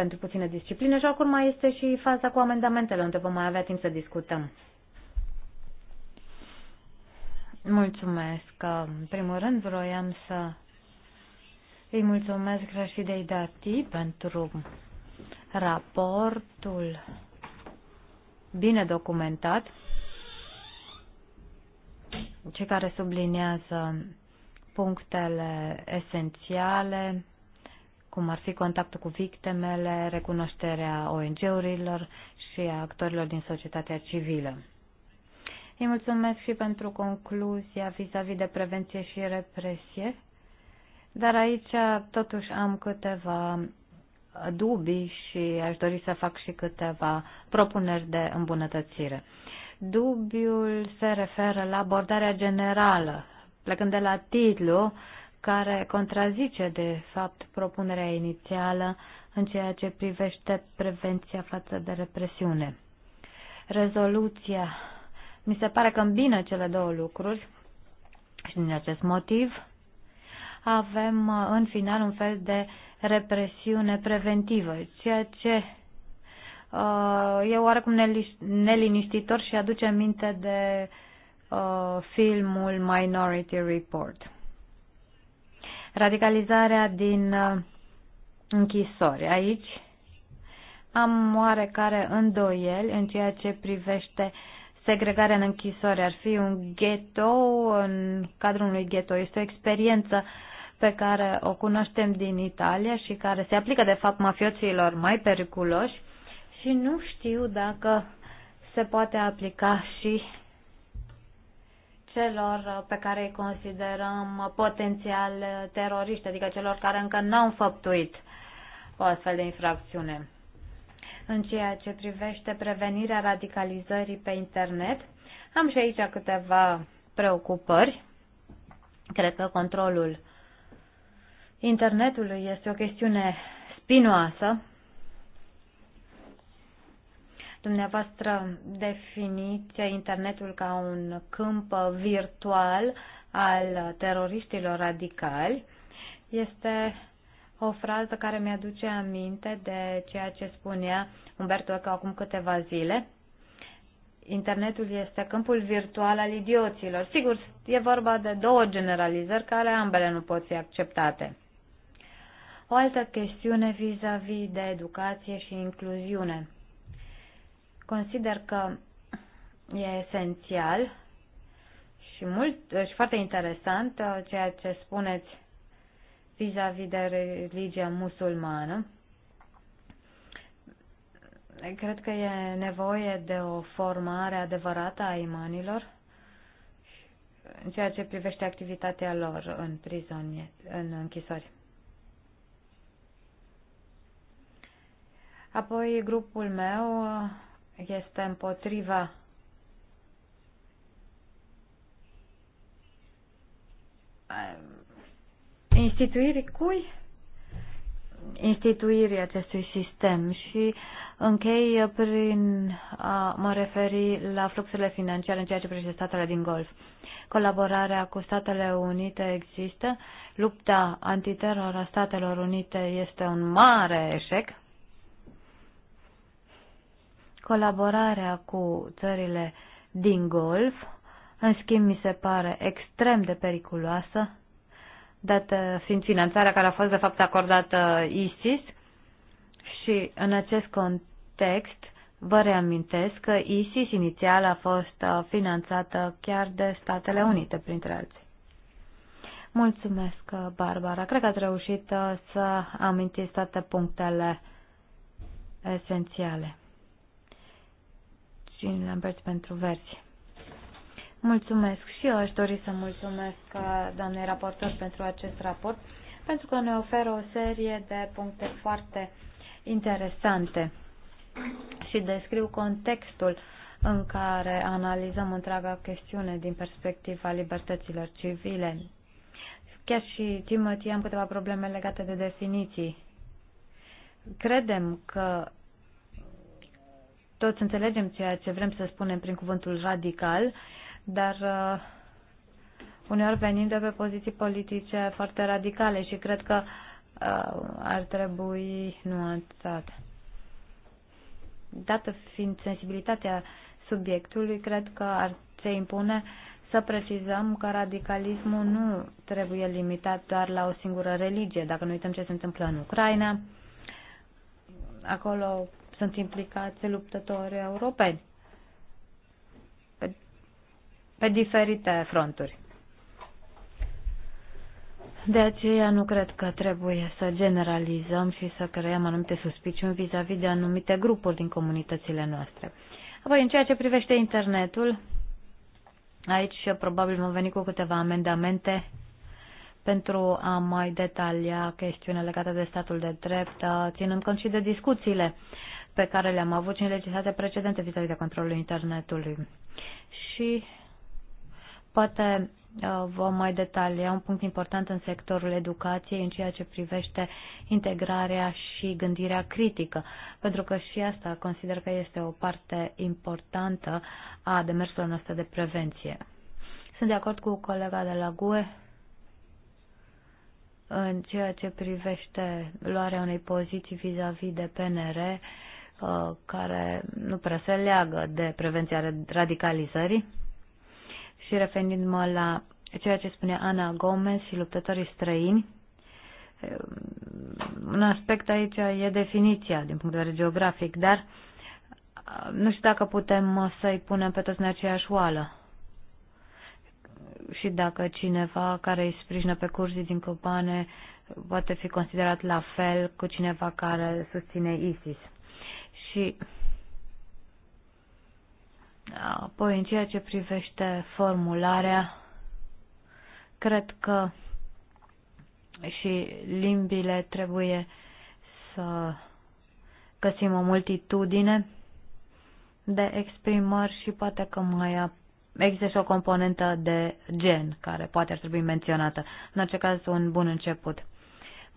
pentru puțină disciplină și acum mai este și faza cu amendamentele, unde vom mai avea timp să discutăm. Mulțumesc. În primul rând vroiam să îi mulțumesc Rașidei Dati pentru raportul bine documentat, ce care sublinează punctele esențiale cum ar fi contactul cu victimele, recunoașterea ONG-urilor și a actorilor din societatea civilă. Îi mulțumesc și pentru concluzia vis-a-vis -vis de prevenție și represie, dar aici totuși am câteva dubii și aș dori să fac și câteva propuneri de îmbunătățire. Dubiul se referă la abordarea generală, plecând de la titlu, care contrazice, de fapt, propunerea inițială în ceea ce privește prevenția față de represiune. Rezoluția. Mi se pare că îmbină cele două lucruri și din acest motiv avem uh, în final un fel de represiune preventivă, ceea ce uh, e oarecum neliniștitor și aduce minte de uh, filmul Minority Report radicalizarea din uh, închisori. Aici am oarecare îndoieli în ceea ce privește segregarea în închisori. Ar fi un ghetto, în cadrul unui ghetto. Este o experiență pe care o cunoaștem din Italia și care se aplică, de fapt, mafioților mai periculoși și nu știu dacă se poate aplica și celor pe care îi considerăm potențial teroriști, adică celor care încă n-au făptuit o astfel de infracțiune. În ceea ce privește prevenirea radicalizării pe internet, am și aici câteva preocupări. Cred că controlul internetului este o chestiune spinoasă dumneavoastră definiția internetul ca un câmp virtual al teroriștilor radicali. Este o frază care mi-aduce aminte de ceea ce spunea Umberto Eco acum câteva zile. Internetul este câmpul virtual al idioților. Sigur, e vorba de două generalizări care ambele nu pot fi acceptate. O altă chestiune vis-a-vis -vis de educație și incluziune. Consider că e esențial și, mult, și foarte interesant uh, ceea ce spuneți vis-a-vis -vis de religia musulmană. Cred că e nevoie de o formare adevărată a imanilor în ceea ce privește activitatea lor în prizonie, în închisori. Apoi grupul meu uh, este împotriva um, instituirii cui? Instituirii acestui sistem și închei prin a mă referi la fluxurile financiare în ceea ce privește statele din Golf. Colaborarea cu Statele Unite există, lupta antiteror a Statelor Unite este un mare eșec, Colaborarea cu țările din Golf, în schimb, mi se pare extrem de periculoasă, dată fiind finanțarea care a fost, de fapt, acordată ISIS. Și în acest context, vă reamintesc că ISIS inițial a fost uh, finanțată chiar de Statele Unite, printre alții. Mulțumesc, uh, Barbara. Cred că ați reușit uh, să amintiți toate punctele esențiale. Jean Lambert pentru verzi. Mulțumesc și eu aș dori să mulțumesc uh, doamnei raportor pentru acest raport, pentru că ne oferă o serie de puncte foarte interesante și descriu contextul în care analizăm întreaga chestiune din perspectiva libertăților civile. Chiar și Timothy am câteva probleme legate de definiții. Credem că toți înțelegem ceea ce vrem să spunem prin cuvântul radical, dar uh, uneori venim de pe poziții politice foarte radicale și cred că uh, ar trebui nuanțat. Dată fiind sensibilitatea subiectului, cred că ar se impune să precizăm că radicalismul nu trebuie limitat doar la o singură religie. Dacă nu uităm ce se întâmplă în Ucraina, acolo sunt implicați luptători europeni pe, pe diferite fronturi. De aceea nu cred că trebuie să generalizăm și să creăm anumite suspiciuni vis-a-vis -vis de anumite grupuri din comunitățile noastre. Apoi, în ceea ce privește internetul, aici probabil vom veni cu câteva amendamente pentru a mai detalia chestiunea legată de statul de drept, ținând cont și de discuțiile pe care le-am avut și în legislația precedente vis-a-vis de controlul internetului. Și poate uh, vom mai detalia un punct important în sectorul educației în ceea ce privește integrarea și gândirea critică, pentru că și asta consider că este o parte importantă a demersului noastre de prevenție. Sunt de acord cu colega de la GUE în ceea ce privește luarea unei poziții vis-a-vis -vis de PNR Uh, care nu prea se leagă de prevenția radicalizării. Și referindu-mă la ceea ce spunea Ana Gomez și luptătorii străini, um, un aspect aici e definiția din punct de vedere geografic, dar uh, nu știu dacă putem uh, să-i punem pe toți în aceeași oală. Și dacă cineva care îi sprijină pe curzii din Copane poate fi considerat la fel cu cineva care susține ISIS. Și apoi în ceea ce privește formularea, cred că și limbile trebuie să găsim o multitudine de exprimări și poate că mai există și o componentă de gen care poate ar trebui menționată. În orice caz, un bun început.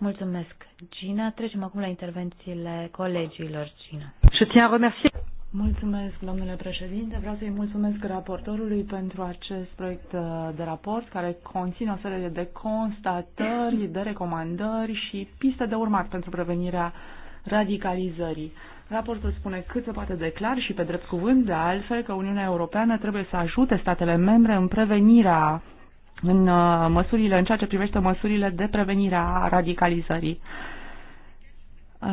Mulțumesc, Gina. Trecem acum la intervențiile colegilor, Gina. Je tiens à remercier. Mulțumesc, domnule președinte. Vreau să-i mulțumesc raportorului pentru acest proiect uh, de raport care conține o serie de constatări, de recomandări și piste de urmat pentru prevenirea radicalizării. Raportul spune cât se poate declar și pe drept cuvânt, de altfel, că Uniunea Europeană trebuie să ajute statele membre în prevenirea în uh, măsurile, în ceea ce privește măsurile de prevenire a radicalizării. Uh,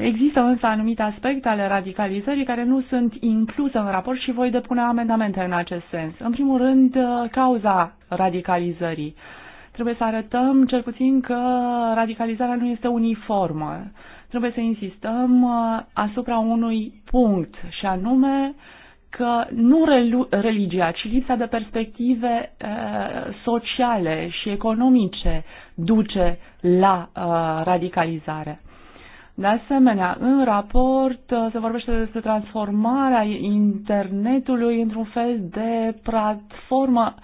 există însă anumite aspecte ale radicalizării care nu sunt incluse în raport și voi depune amendamente în acest sens. În primul rând, uh, cauza radicalizării. Trebuie să arătăm cel puțin că radicalizarea nu este uniformă. Trebuie să insistăm asupra unui punct și anume uh, că nu religia, ci lipsa de perspective uh, sociale și economice duce la uh, radicalizare. De asemenea, în raport uh, se vorbește despre transformarea internetului într-un fel de platformă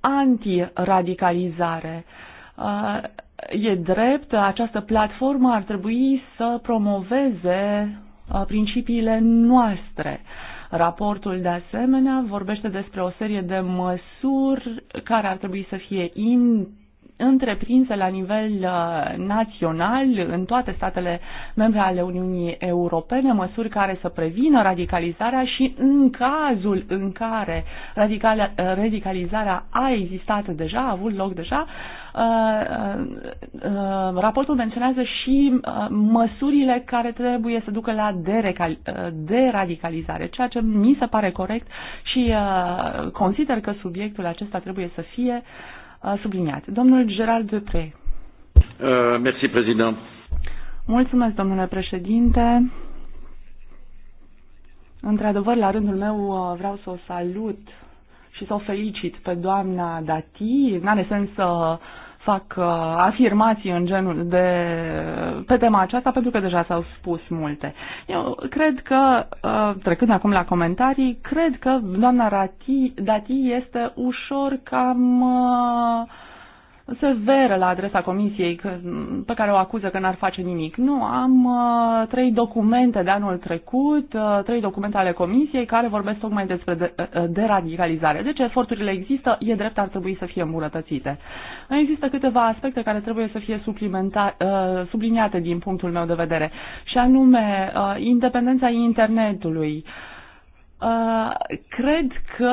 antiradicalizare. E drept, această platformă ar trebui să promoveze principiile noastre. Raportul, de asemenea, vorbește despre o serie de măsuri care ar trebui să fie in, întreprinse la nivel uh, național în toate statele membre ale Uniunii Europene, măsuri care să prevină radicalizarea și în cazul în care uh, radicalizarea a existat deja, a avut loc deja, Uh, uh, raportul menționează și uh, măsurile care trebuie să ducă la deradicalizare, ceea ce mi se pare corect și consider că subiectul acesta trebuie să fie subliniat. Domnul Gerald Dupre. Uh, merci, Mulțumesc, domnule președinte. Într-adevăr, la rândul meu vreau să o salut și să o felicit pe doamna Dati. N-are sens să fac uh, afirmații în genul de pe tema aceasta pentru că deja s-au spus multe. Eu cred că, uh, trecând acum la comentarii, cred că doamna Rati, Dati este ușor cam uh, severă la adresa comisiei că, pe care o acuză că n-ar face nimic. Nu, am uh, trei documente de anul trecut, uh, trei documente ale comisiei care vorbesc tocmai despre de, uh, uh deradicalizare. Deci eforturile există, e drept, ar trebui să fie îmbunătățite. Există câteva aspecte care trebuie să fie uh, subliniate din punctul meu de vedere și anume uh, independența internetului. Uh, Uh, cred că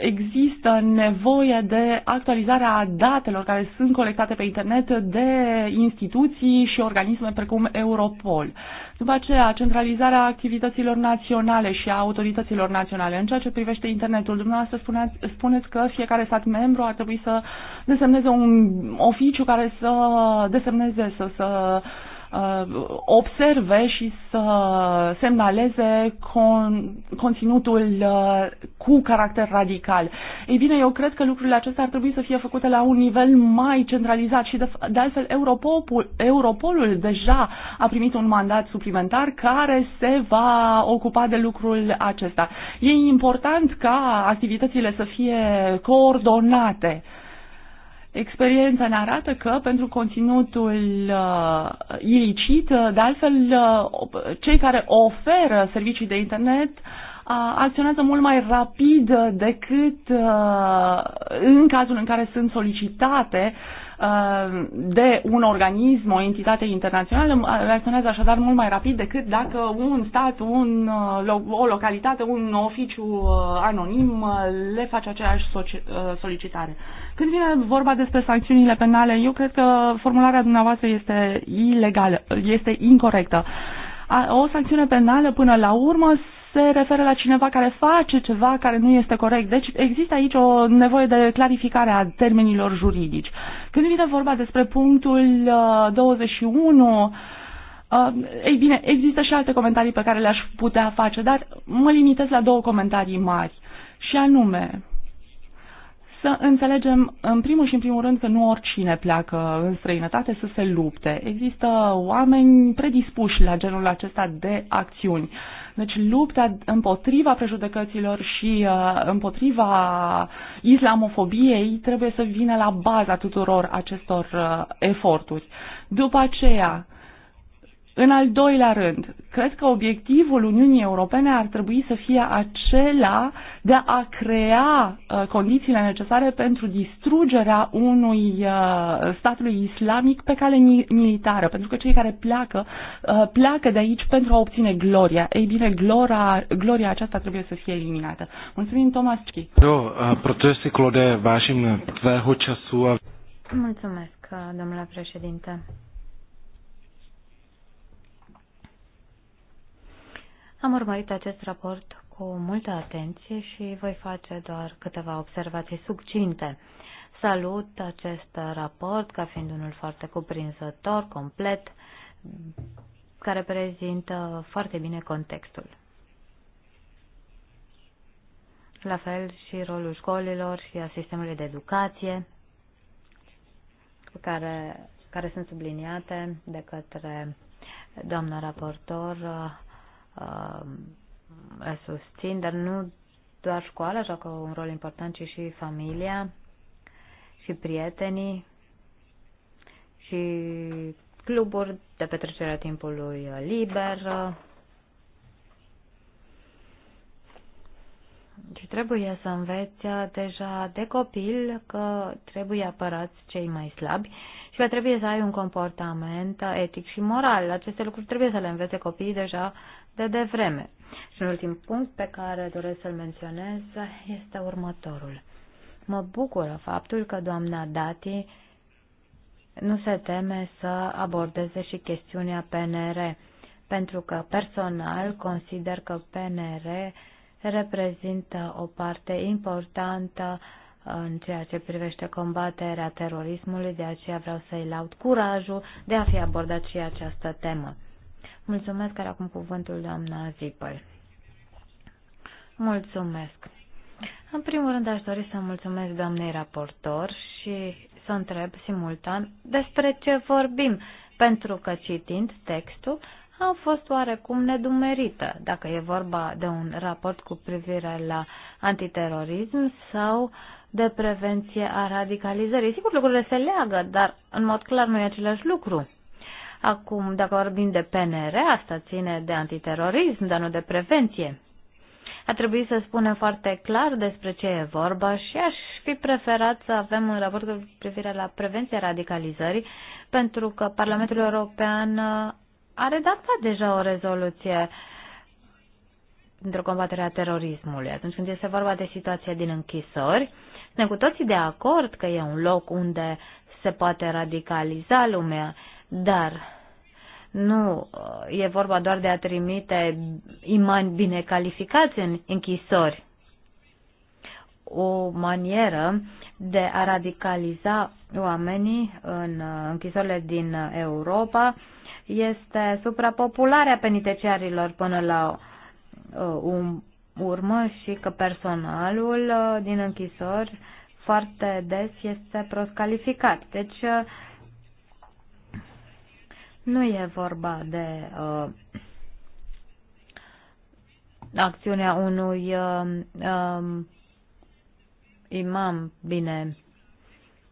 există nevoie de actualizarea datelor care sunt colectate pe internet de instituții și organisme precum Europol. După aceea, centralizarea activităților naționale și a autorităților naționale. În ceea ce privește internetul, dumneavoastră spuneați, spuneți că fiecare stat membru ar trebui să desemneze un oficiu care să desemneze, să, să uh, Uh, observe și să semnaleze con, conținutul uh, cu caracter radical. Ei bine, eu cred că lucrurile acestea ar trebui să fie făcute la un nivel mai centralizat și de, de altfel Europolul, Europolul deja a primit un mandat suplimentar care se va ocupa de lucrul acesta. E important ca activitățile să fie coordonate. Uh, Experiența ne arată că pentru conținutul uh, ilicit, uh, de altfel, uh, cei care oferă servicii de internet uh, acționează mult mai rapid decât uh, în cazul în care sunt solicitate uh, Uh, de un organism, o entitate internațională, uh, reacționează așadar mult mai rapid decât dacă un stat, un, uh, o localitate, un oficiu anonim le face aceeași solicitare. Când vine vorba despre sancțiunile penale, eu cred că formularea dumneavoastră este ilegală, este incorrectă o sancțiune penală până la urmă se referă la cineva care face ceva care nu este corect. Deci există aici o nevoie de clarificare a termenilor juridici. Când vine vorba despre punctul 21, uh, uh, ei bine, există și alte comentarii pe care le-aș putea face, dar mă limitez la două comentarii mari. Și anume, să înțelegem, în primul și în primul rând, că nu oricine pleacă în străinătate să se lupte. Există oameni predispuși la genul acesta de acțiuni. Deci lupta împotriva prejudecăților și uh, împotriva islamofobiei trebuie să vină la baza tuturor acestor uh, eforturi. După aceea, în al doilea rând, cred că obiectivul Uniunii Europene ar trebui să fie acela de a crea uh, condițiile necesare pentru distrugerea unui uh, statului islamic pe cale mi- militară, pentru că cei care pleacă, uh, pleacă de aici pentru a obține gloria. Ei bine, glora, gloria aceasta trebuie să fie eliminată. Mulțumim, Tomas Cchi. Eu, Claude, vážim tvého času Mulțumesc, uh, domnule președinte. Am urmărit acest raport cu multă atenție și voi face doar câteva observații succinte. Salut acest raport ca fiind unul foarte cuprinzător, complet, care prezintă foarte bine contextul. La fel și rolul școlilor și a sistemului de educație, care, care sunt subliniate de către doamna raportor Um, susțin, dar nu doar școala joacă un rol important, ci și familia și prietenii și cluburi de petrecere a timpului liber. Și trebuie să înveți uh, deja de copil că trebuie apărați cei mai slabi și că trebuie să ai un comportament uh, etic și moral. Aceste lucruri trebuie să le învețe copiii deja de devreme. Și un ultim punct pe care doresc să-l menționez este următorul. Mă bucură faptul că doamna Dati nu se teme să abordeze și chestiunea PNR, pentru că personal consider că PNR reprezintă o parte importantă uh, în ceea ce privește combaterea terorismului, de aceea vreau să-i laud curajul de a fi abordat și această temă. Mulțumesc, care acum cuvântul doamna Zipăl. Mulțumesc. În primul rând aș dori să mulțumesc doamnei raportor și să întreb simultan despre ce vorbim, pentru că citind textul am fost oarecum nedumerită, dacă e vorba de un raport cu privire la antiterorism sau de prevenție a radicalizării. Sigur, lucrurile se leagă, dar în mod clar nu e același lucru. Acum, dacă vorbim de PNR, asta ține de antiterorism, dar nu de prevenție. A trebuit să spunem foarte clar despre ce e vorba și aș fi preferat să avem un raport cu privire la prevenția radicalizării, pentru că Parlamentul European uh, a redactat deja o rezoluție pentru combaterea terorismului. Atunci când este vorba de situația din închisori, ne cu toții de acord că e un loc unde se poate radicaliza lumea, dar nu e vorba doar de a trimite imani bine calificați în închisori. O manieră de a radicaliza oamenii în uh, închisorile din Europa este suprapopularea penitenciarilor până la uh, un urmă și că personalul uh, din închisori foarte des este prost calificat. Deci nu e vorba de uh, acțiunea unui uh, uh, imam bine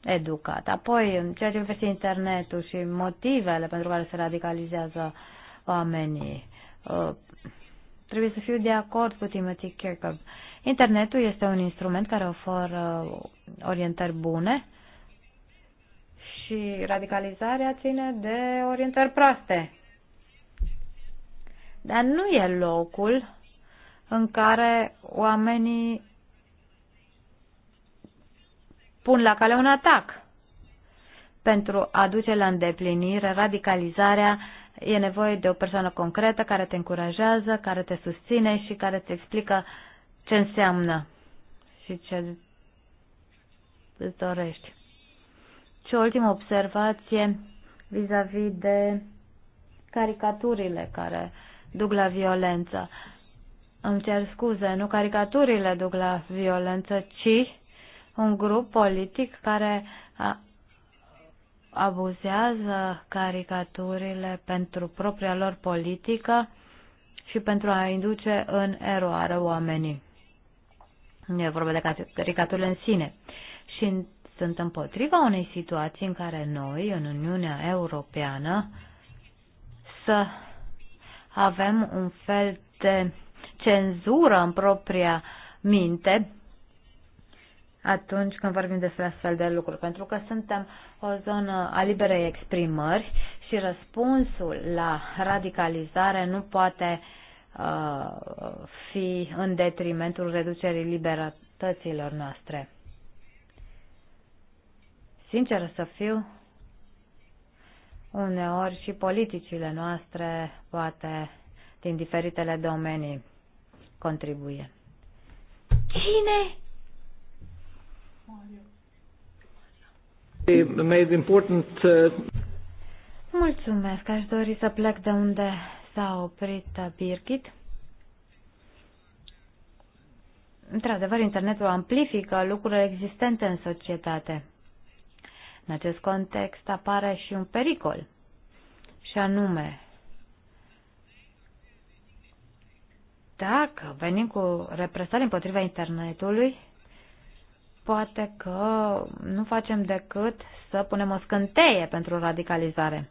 educat. Apoi, în ceea ce privește internetul și motivele pentru care se radicalizează oamenii, uh, trebuie să fiu de acord cu Timothy Kirkhope. Internetul este un instrument care oferă orientări bune, și radicalizarea ține de orientări proaste. Dar nu e locul în care oamenii pun la cale un atac. Pentru a duce la îndeplinire radicalizarea, e nevoie de o persoană concretă care te încurajează, care te susține și care te explică ce înseamnă și ce îți dorești. Și o ultimă observație vis-a-vis -vis de caricaturile care duc la violență. Îmi cer scuze, nu caricaturile duc la violență, ci un grup politic care a, abuzează caricaturile pentru propria lor politică și pentru a induce în eroare oamenii. Nu e vorba de caricaturile în sine. Și în sunt împotriva unei situații în care noi, în Uniunea Europeană, să avem un fel de cenzură în propria minte atunci când vorbim despre astfel de lucruri, pentru că suntem o zonă a liberei exprimări și răspunsul la radicalizare nu poate uh, fi în detrimentul reducerii libertăților noastre. Sinceră să fiu, uneori și politicile noastre, poate din diferitele domenii, contribuie. Cine? important, uh, Mulțumesc. Aș dori să plec de unde s-a oprit uh, Birgit. Într-adevăr, internetul amplifică lucrurile existente în societate. În acest context apare și un pericol, și anume, dacă venim cu represalii împotriva internetului, poate că nu facem decât să punem o scânteie pentru radicalizare.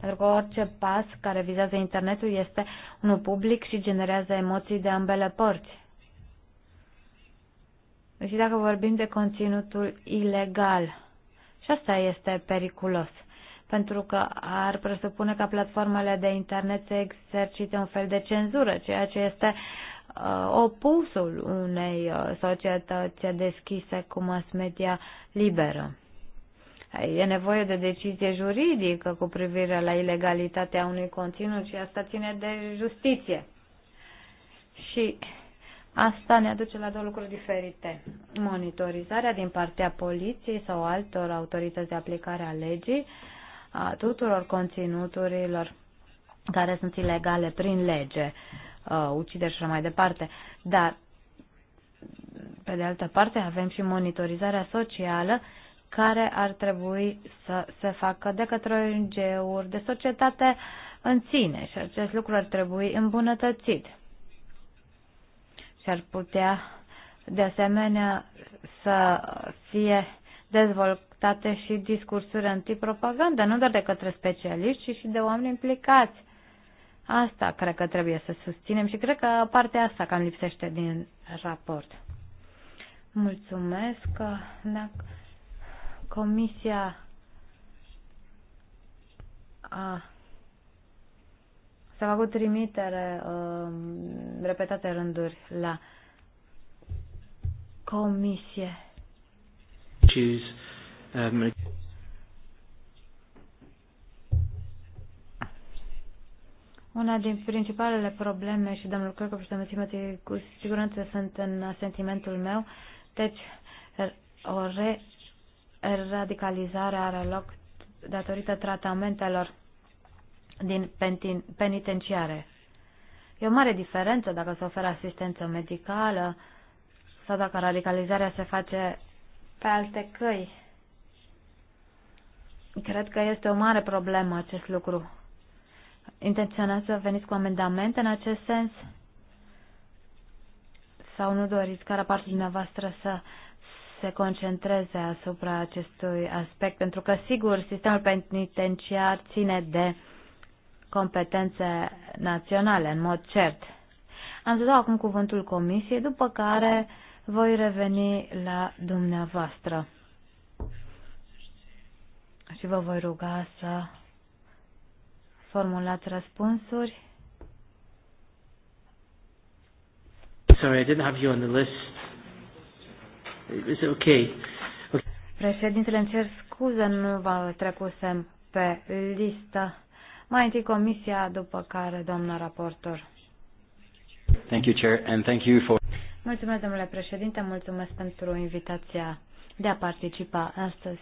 Pentru că orice pas care vizează internetul este unul public și generează emoții de ambele părți. Și dacă vorbim de conținutul ilegal, și asta este periculos, pentru că ar presupune ca platformele de internet să exercite un fel de cenzură, ceea ce este uh, opusul unei uh, societăți deschise cu mass media liberă. E nevoie de decizie juridică cu privire la ilegalitatea unui conținut și asta ține de justiție. Și Asta ne aduce la două lucruri diferite. Monitorizarea din partea poliției sau altor autorități de aplicare a legii a tuturor conținuturilor care sunt ilegale prin lege, uh, ucideri și așa mai departe. Dar, pe de altă parte, avem și monitorizarea socială care ar trebui să se facă de către ONG-uri, de societate în sine și acest lucru ar trebui îmbunătățit și ar putea de asemenea să fie dezvoltate și discursuri antipropagandă, nu doar de către specialiști, ci și de oameni implicați. Asta cred că trebuie să susținem și cred că partea asta cam lipsește din raport. Mulțumesc. că Comisia a S-a făcut trimitere uh, repetate rânduri la comisie. Choose, um... Una din principalele probleme și domnul Crăcov și domnul cu siguranță sunt în sentimentul meu, deci o re radicalizare are loc datorită tratamentelor din penitenciare. E o mare diferență dacă se oferă asistență medicală sau dacă radicalizarea se face pe alte căi. Cred că este o mare problemă acest lucru. Intenționați să veniți cu amendamente în acest sens? Sau nu doriți ca partea dumneavoastră să se concentreze asupra acestui aspect? Pentru că, sigur, sistemul penitenciar ține de uh, competențe naționale, în mod cert. Am să dau acum cuvântul comisiei, după care voi reveni la dumneavoastră. Și vă voi ruga să formulați răspunsuri. Sorry, I didn't have you on the list. Is it okay? okay. Președintele, îmi cer scuze, nu vă trecusem pe listă. Mai întâi comisia, după care doamna raportor. Thank you, Chair, and thank you for... Mulțumesc, domnule președinte, mulțumesc pentru invitația de a participa astăzi.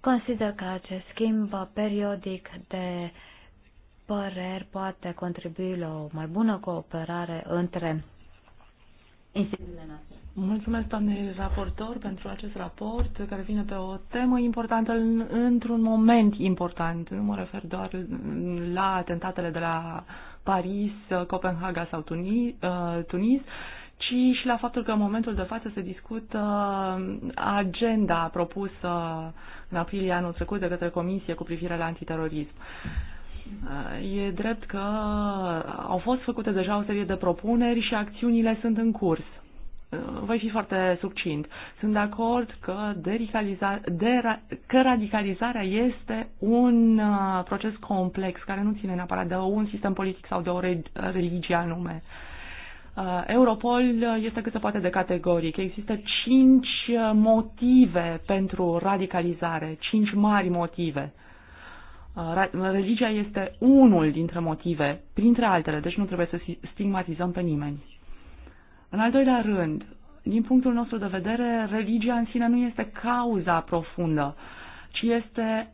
Consider că acest schimb periodic de păreri poate contribui la o mai bună cooperare între instituțiile noastre. Mulțumesc, doamne raportor, pentru acest raport care vine pe o temă importantă într-un moment important. Nu mă refer doar la atentatele de la Paris, Copenhaga sau uh, Tunis, ci și la faptul că în momentul de față se discută agenda propusă în aprilie anul trecut de către Comisie cu privire la antiterorism. E drept că au fost făcute deja o serie de propuneri și acțiunile sunt în curs. Voi fi foarte succint. Sunt de acord că, deradicaliza, de, că radicalizarea este un uh, proces complex care nu ține neapărat de un sistem politic sau de o religie anume. Uh, Europol este cât se poate de categoric. Există cinci uh, motive pentru radicalizare, cinci mari motive Uh, religia este unul dintre motive, printre altele, deci nu trebuie să stigmatizăm pe nimeni. În al doilea rând, din punctul nostru de vedere, religia în sine nu este cauza profundă, ci este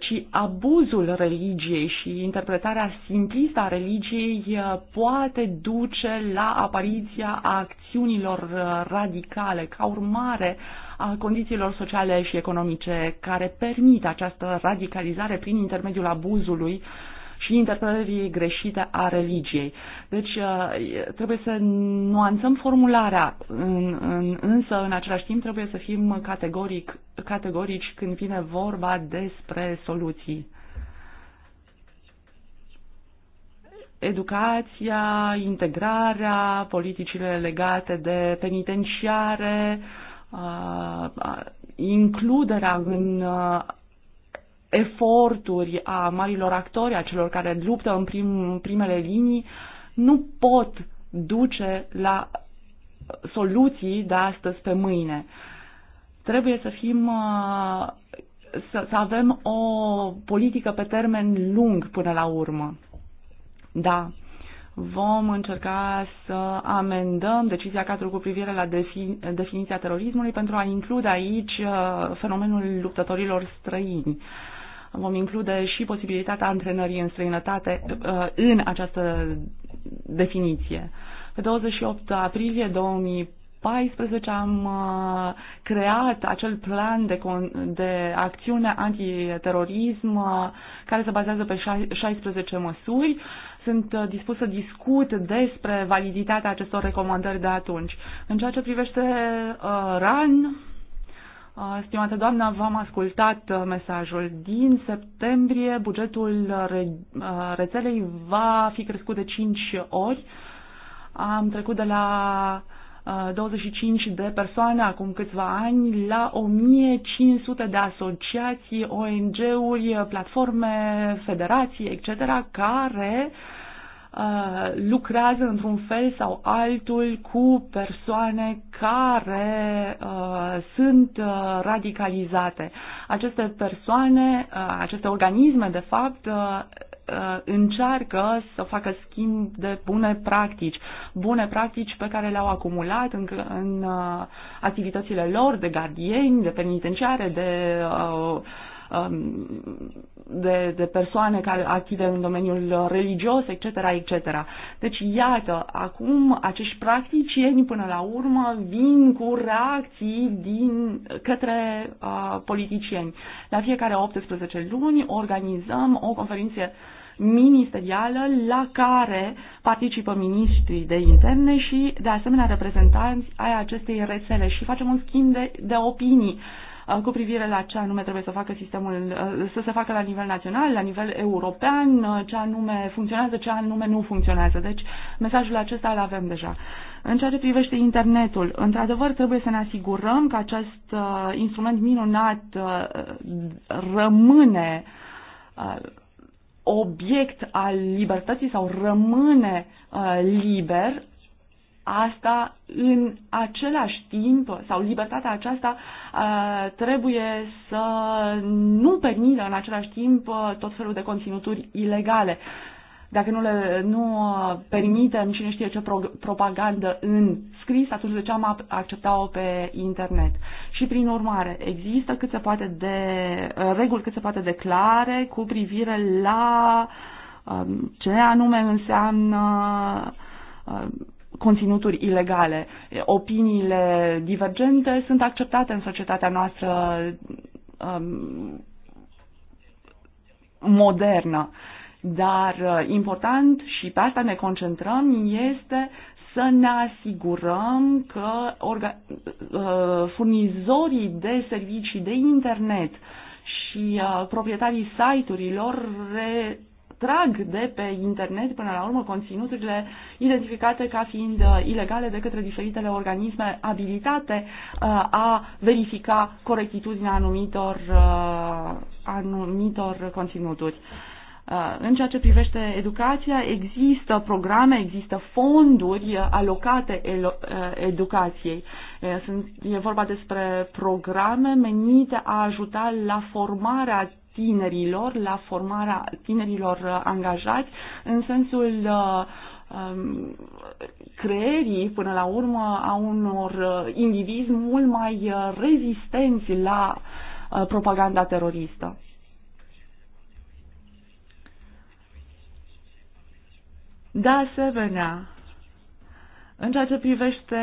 ci abuzul religiei și interpretarea simplistă a religiei uh, poate duce la apariția acțiunilor uh, radicale ca urmare a condițiilor sociale și economice care permit această radicalizare prin intermediul abuzului și interpretării greșite a religiei. Deci uh, trebuie să nuanțăm formularea, în, în, însă în același timp trebuie să fim categoric, categorici când vine vorba despre soluții. Educația, integrarea, politicile legate de penitenciare, uh, Uh, includerea în uh, eforturi a marilor actori, a celor care luptă în prim, primele linii, nu pot duce la soluții de astăzi pe mâine. Trebuie să fim uh, să, să avem o politică pe termen lung până la urmă. Da, vom încerca să amendăm decizia cadru cu privire la defin- definiția terorismului pentru a include aici uh, fenomenul luptătorilor străini. Vom include și posibilitatea antrenării în străinătate uh, în această definiție. Pe 28 aprilie 2014, 2014 am uh, creat acel plan de, de acțiune antiterorism uh, care se bazează pe 16 măsuri. Sunt uh, dispus să discut despre validitatea acestor recomandări de atunci. În ceea ce privește uh, RAN, Stimată doamnă, v-am ascultat mesajul. Din septembrie bugetul rețelei va fi crescut de 5 ori. Am trecut de la Uh, 25 de persoane acum câțiva ani la 1500 de asociații, ONG-uri, platforme, federații, etc., care uh, lucrează într-un fel sau altul cu persoane care uh, sunt uh, radicalizate. Aceste persoane, uh, aceste organisme, de fapt, uh, Uh, încearcă să facă schimb de bune practici, bune practici pe care le-au acumulat în, în uh, activitățile lor de gardieni, de penitenciare, de uh, um, de, de persoane care active în domeniul religios, etc., etc. Deci, iată, acum acești practicieni, până la urmă, vin cu reacții din, către uh, politicieni. La fiecare 18 luni organizăm o conferință ministerială la care participă ministrii de interne și, de asemenea, reprezentanți ai acestei rețele și facem un schimb de, de opinii uh, cu privire la ce anume trebuie să facă sistemul, uh, să se facă la nivel național, la nivel european, uh, ce anume funcționează, ce anume nu funcționează. Deci mesajul acesta îl avem deja. În ceea ce privește internetul, într-adevăr trebuie să ne asigurăm că acest instrument minunat rămâne obiect al libertății sau rămâne uh, liber, asta în același timp, sau libertatea aceasta uh, trebuie să nu permită în același timp uh, tot felul de conținuturi ilegale. Dacă nu, le, nu uh, permitem cine știe ce pro, propagandă în scris, atunci de ce am accepta-o pe internet? Și prin urmare, există cât se poate de uh, reguli cât se poate de clare cu privire la um, ce anume înseamnă uh, conținuturi ilegale. Opiniile divergente sunt acceptate în societatea noastră um, modernă. Dar uh, important și pe asta ne concentrăm este să ne asigurăm că orga, uh, furnizorii de servicii de internet și uh, proprietarii site-urilor retrag trag de pe internet până la urmă conținuturile identificate ca fiind ilegale de către diferitele organisme abilitate a verifica corectitudinea anumitor, anumitor conținuturi. Uh, în ceea ce privește educația, există programe, există fonduri uh, alocate uh, educației. e vorba despre programe menite a ajuta la formarea tinerilor, la formarea tinerilor angajați în sensul um, creierii, până la urmă, a unor indivizi mult mai rezistenți la propaganda teroristă. De asemenea, în ceea ce privește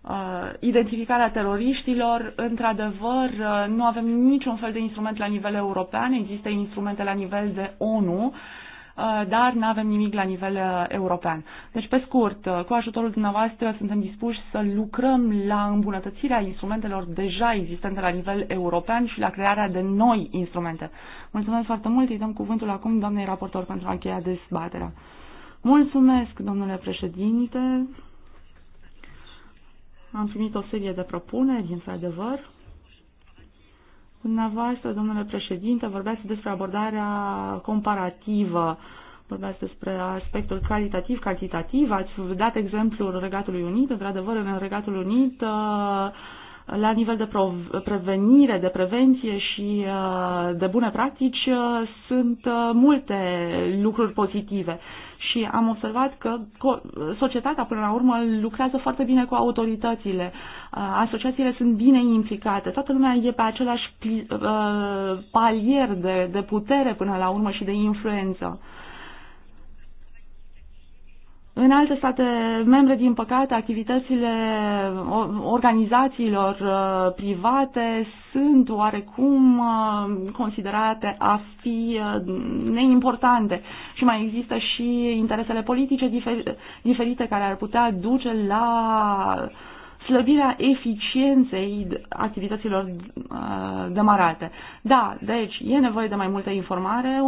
uh, identificarea teroriștilor, într-adevăr, uh, nu avem niciun fel de instrument la nivel european, există instrumente la nivel de ONU Eh, dar nu avem nimic la nivel eh, european. Deci, pe scurt, eh, cu ajutorul dumneavoastră suntem dispuși să lucrăm la îmbunătățirea instrumentelor deja existente la nivel european și la crearea de noi instrumente. Mulțumesc foarte mult, îi dăm cuvântul acum doamnei raportor pentru a încheia dezbaterea. Mulțumesc, domnule președinte. Am primit o serie de propuneri, într-adevăr. Dumneavoastră, domnule președinte, vorbeați despre abordarea comparativă, vorbeați despre aspectul calitativ-cantitativ, ați dat exemplul Regatului Unit, într-adevăr, în Regatul Unit, uh, la nivel de prevenire, de prevenție și uh, de bune practici, uh, sunt multe lucruri pozitive și am observat că societatea până la urmă lucrează foarte bine cu autoritățile, uh, asociațiile sunt bine implicate, toată lumea e pe același uh, palier de, de putere până la urmă și de influență. În alte state membre, din păcate, activitățile organizațiilor uh, private sunt oarecum uh, considerate a fi uh, neimportante și mai există și interesele politice diferite care ar putea duce la uh, slăbirea eficienței activităților uh, demarate. Da, deci e nevoie de mai multă informare,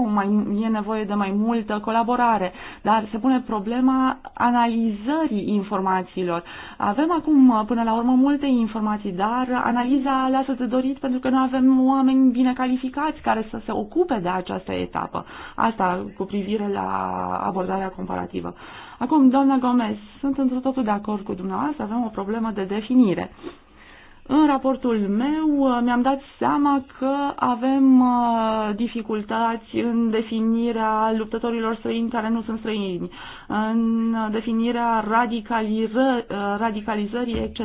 e nevoie de mai multă colaborare, dar se pune problema analizării informațiilor. Avem acum, uh, până la urmă, multe informații, dar analiza lasă de dorit pentru că nu avem oameni bine calificați care să se ocupe de această etapă. Asta cu privire la abordarea comparativă. Acum, doamna Gomez, sunt într totul de acord cu dumneavoastră, avem o problemă de definire. În raportul meu uh, mi-am dat seama că avem uh, dificultăți în definirea luptătorilor străini care nu sunt străini, în definirea uh, radicalizării, etc.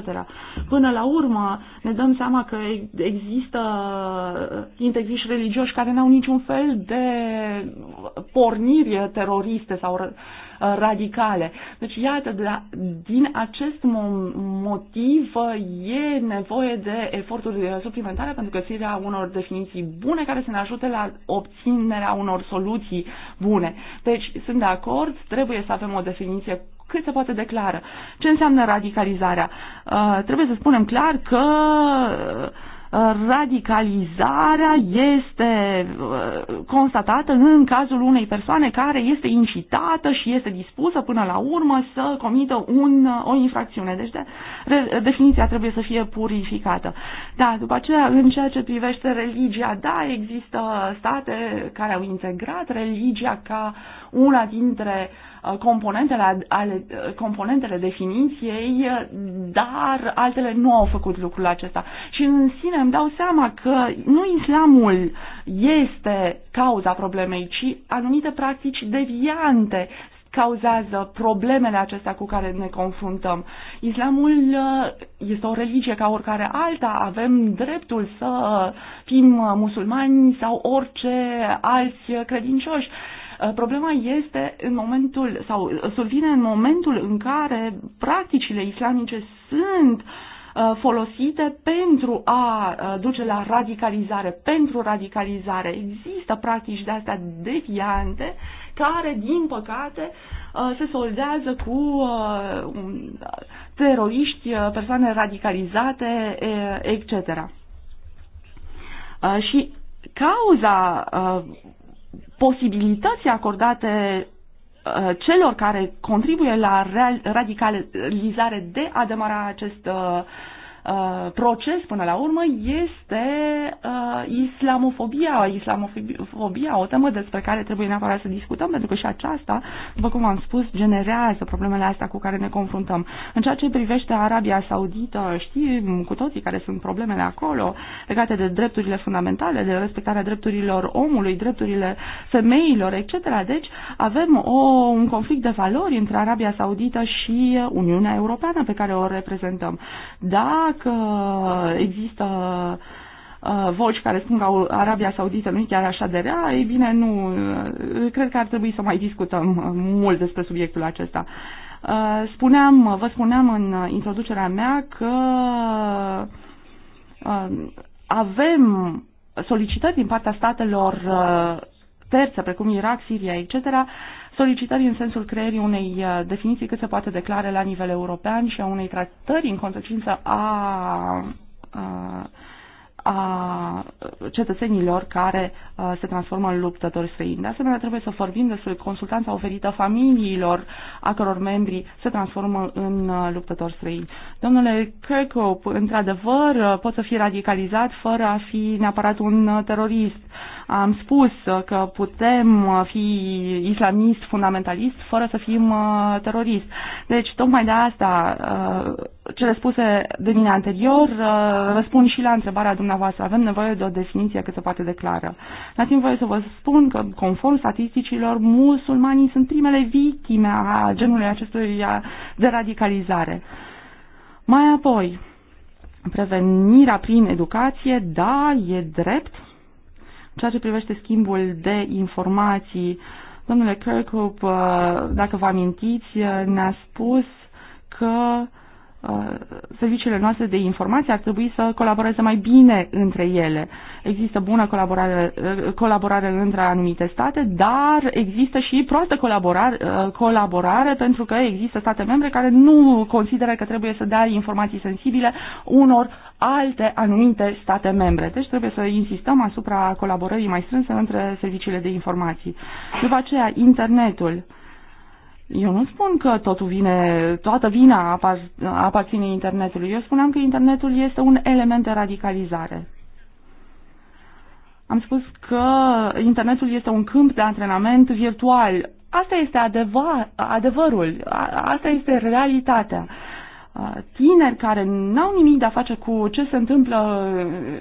Până la urmă ne dăm seama că există integriși religioși care n-au niciun fel de pornire teroriste sau radicale. Deci, iată, de la, din acest motiv uh, e nevoie de eforturi uh, suplimentare pentru găsirea unor definiții bune care să ne ajute la obținerea unor soluții bune. Deci, sunt de acord, trebuie să avem o definiție cât se poate declară. Ce înseamnă radicalizarea? Uh, trebuie să spunem clar că uh, radicalizarea este uh, constatată în cazul unei persoane care este incitată și este dispusă până la urmă să comită un, o infracțiune. Deci de, re, definiția trebuie să fie purificată. Da, după aceea, în ceea ce privește religia, da, există state care au integrat religia ca una dintre uh, Uh, componentele, ale, uh, componentele definiției, uh, dar altele nu au făcut lucrul acesta. Și în sine îmi dau seama că nu islamul este cauza problemei, ci anumite practici deviante cauzează problemele acestea cu care ne confruntăm. Islamul este o religie ca oricare alta, avem dreptul să fim musulmani sau orice alți credincioși, Eh, problema este în momentul, sau survine în momentul în care practicile islamice sunt eh, folosite pentru a eh, duce la radicalizare, pentru radicalizare. Există practici de astea deviante care, din păcate, se soldează cu teroriști, persoane radicalizate, etc. Și cauza posibilității acordate uh, celor care contribuie la radicalizare de a demara acest uh, Uh, proces până la urmă este uh, islamofobia. Islamofobia, o temă despre care trebuie neapărat să discutăm, pentru că și aceasta, după cum am spus, generează problemele astea cu care ne confruntăm. În ceea ce privește Arabia Saudită, știm cu toții care sunt problemele acolo legate de drepturile fundamentale, de respectarea drepturilor omului, drepturile femeilor, etc. Deci avem o, un conflict de valori între Arabia Saudită și Uniunea Europeană pe care o reprezentăm. Dar că există uh, voci care spun că Arabia Saudită nu e chiar așa de rea, ei bine, nu, uh, cred că ar trebui să mai discutăm uh, mult despre subiectul acesta. Spuneam, vă spuneam în introducerea mea că avem solicitări din partea statelor terțe, precum Irak, Siria, etc., solicitări în sensul creierii unei uh, definiții cât se poate declare la nivel european și a unei tratări în consecință a, a, a cetățenilor care a, uh, se transformă în luptători străini. De asemenea, trebuie să vorbim despre consultanța oferită familiilor a căror membri se transformă în uh, luptători străini. Domnule Kirkhope, într-adevăr, pot să fii radicalizat fără a fi neapărat un terorist am spus că putem fi islamist, fundamentalist, fără să fim uh, terorist. Deci, tocmai de asta, uh, cele spuse de mine anterior, uh, răspund și la întrebarea dumneavoastră. Avem nevoie de o definiție cât se poate declară. Dați-mi voie să vă spun că, conform statisticilor, musulmanii sunt primele victime a genului acestui de radicalizare. Mai apoi, prevenirea prin educație, da, e drept, ceea ce privește schimbul de informații, domnule Kirkhope, uh, dacă vă amintiți, uh, ne-a spus că Uh, serviciile noastre de informație ar trebui să colaboreze mai bine între ele. Există bună colaborare, uh, colaborare între anumite state, dar există și proastă colaborare, uh, colaborare pentru că există state membre care nu consideră că trebuie să dea informații sensibile unor alte anumite state membre. Deci trebuie să insistăm asupra colaborării mai strânse între serviciile de informații. După aceea, internetul. Uh, eu nu spun că totul vine, toată vina aparține internetului. Eu spuneam că internetul este un element de radicalizare. Am spus că internetul este un câmp de antrenament virtual. Asta este adevăr, adevărul, asta este realitatea. Uh, tineri care n-au nimic de a face cu ce se întâmplă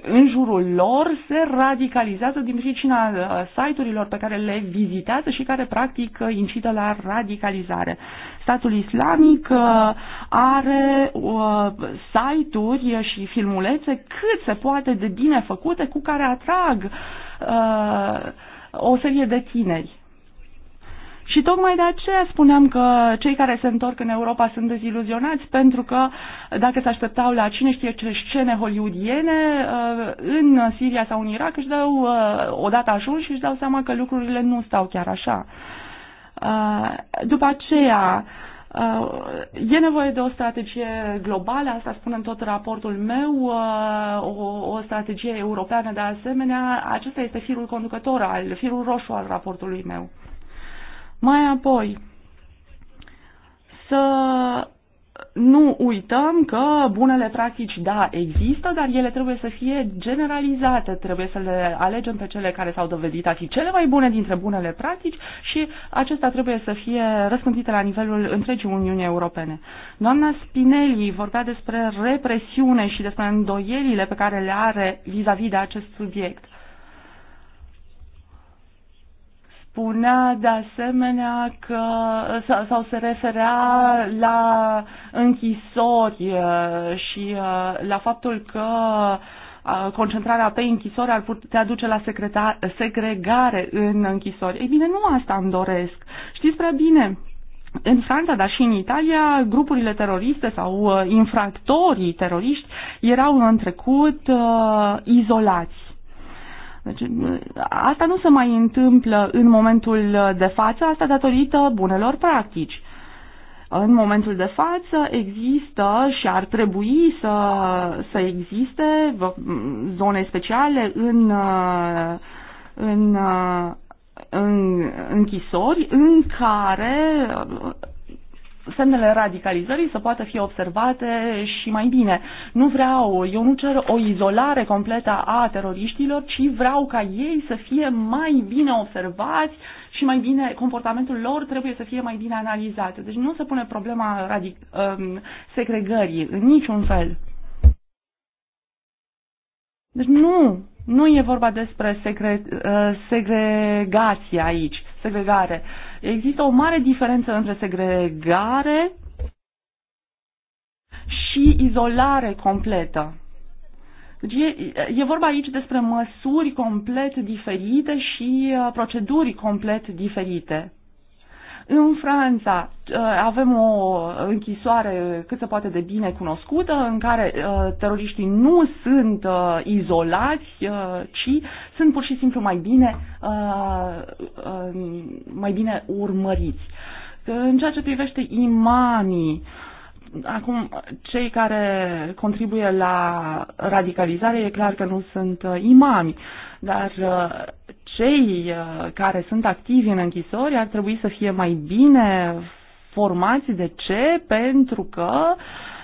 în jurul lor se radicalizează din pricina uh, site-urilor pe care le vizitează și care practic uh, incită la radicalizare. Statul islamic are site-uri și filmulețe cât se poate de bine făcute cu care atrag o serie de tineri. Și tocmai de aceea spuneam că cei care se întorc în Europa sunt deziluzionați, pentru că dacă se așteptau la cine știe ce scene hollywoodiene, uh, în Siria sau în Irak își dau, uh, odată ajuns și își dau seama că lucrurile nu stau chiar așa. Uh, după aceea, E nevoie de o strategie globală, asta spune în tot raportul meu, o, o strategie europeană de asemenea. Acesta este firul conducător, al, firul roșu al raportului meu. Mai apoi, să nu uităm că bunele practici, da, există, dar ele trebuie să fie generalizate. Trebuie să le alegem pe cele care s-au dovedit a fi cele mai bune dintre bunele practici și acestea trebuie să fie răspândite la nivelul întregii Uniunii Europene. Doamna Spinelli vorbea despre represiune și despre îndoielile pe care le are vis-a-vis -vis de acest subiect. spunea de asemenea că sau se referea la închisori uh, și uh, la faptul că uh, concentrarea pe închisori ar putea duce la segregare în închisori. Ei bine, nu asta îmi doresc. Știți prea bine, în Franța, dar și în Italia, grupurile teroriste sau infractorii teroriști erau în trecut uh, izolați deci asta nu se mai întâmplă în momentul de față, asta datorită bunelor practici. În momentul de față există și ar trebui să, să existe zone speciale în, în, în închisori în care semnele radicalizării să poată fi observate și mai bine. Nu vreau, eu nu cer o izolare completă a teroriștilor, ci vreau ca ei să fie mai bine observați și mai bine, comportamentul lor trebuie să fie mai bine analizat. Deci nu se pune problema radic- um, segregării în niciun fel. Deci nu, nu e vorba despre segre, uh, segregație aici, segregare. Uh, Există o mare diferență între segregare și izolare completă. Deci e, e vorba aici despre măsuri complet diferite și uh, proceduri complet diferite. În Franța ă, avem o închisoare cât se poate de bine cunoscută, în care ă, teroriștii nu sunt ă, izolați, ci sunt pur și simplu mai bine, mai bine urmăriți. În ceea ce privește imanii, acum cei care contribuie la radicalizare e clar că nu sunt imami, dar cei uh, care sunt activi în închisori ar trebui să fie mai bine formați. De ce? Pentru că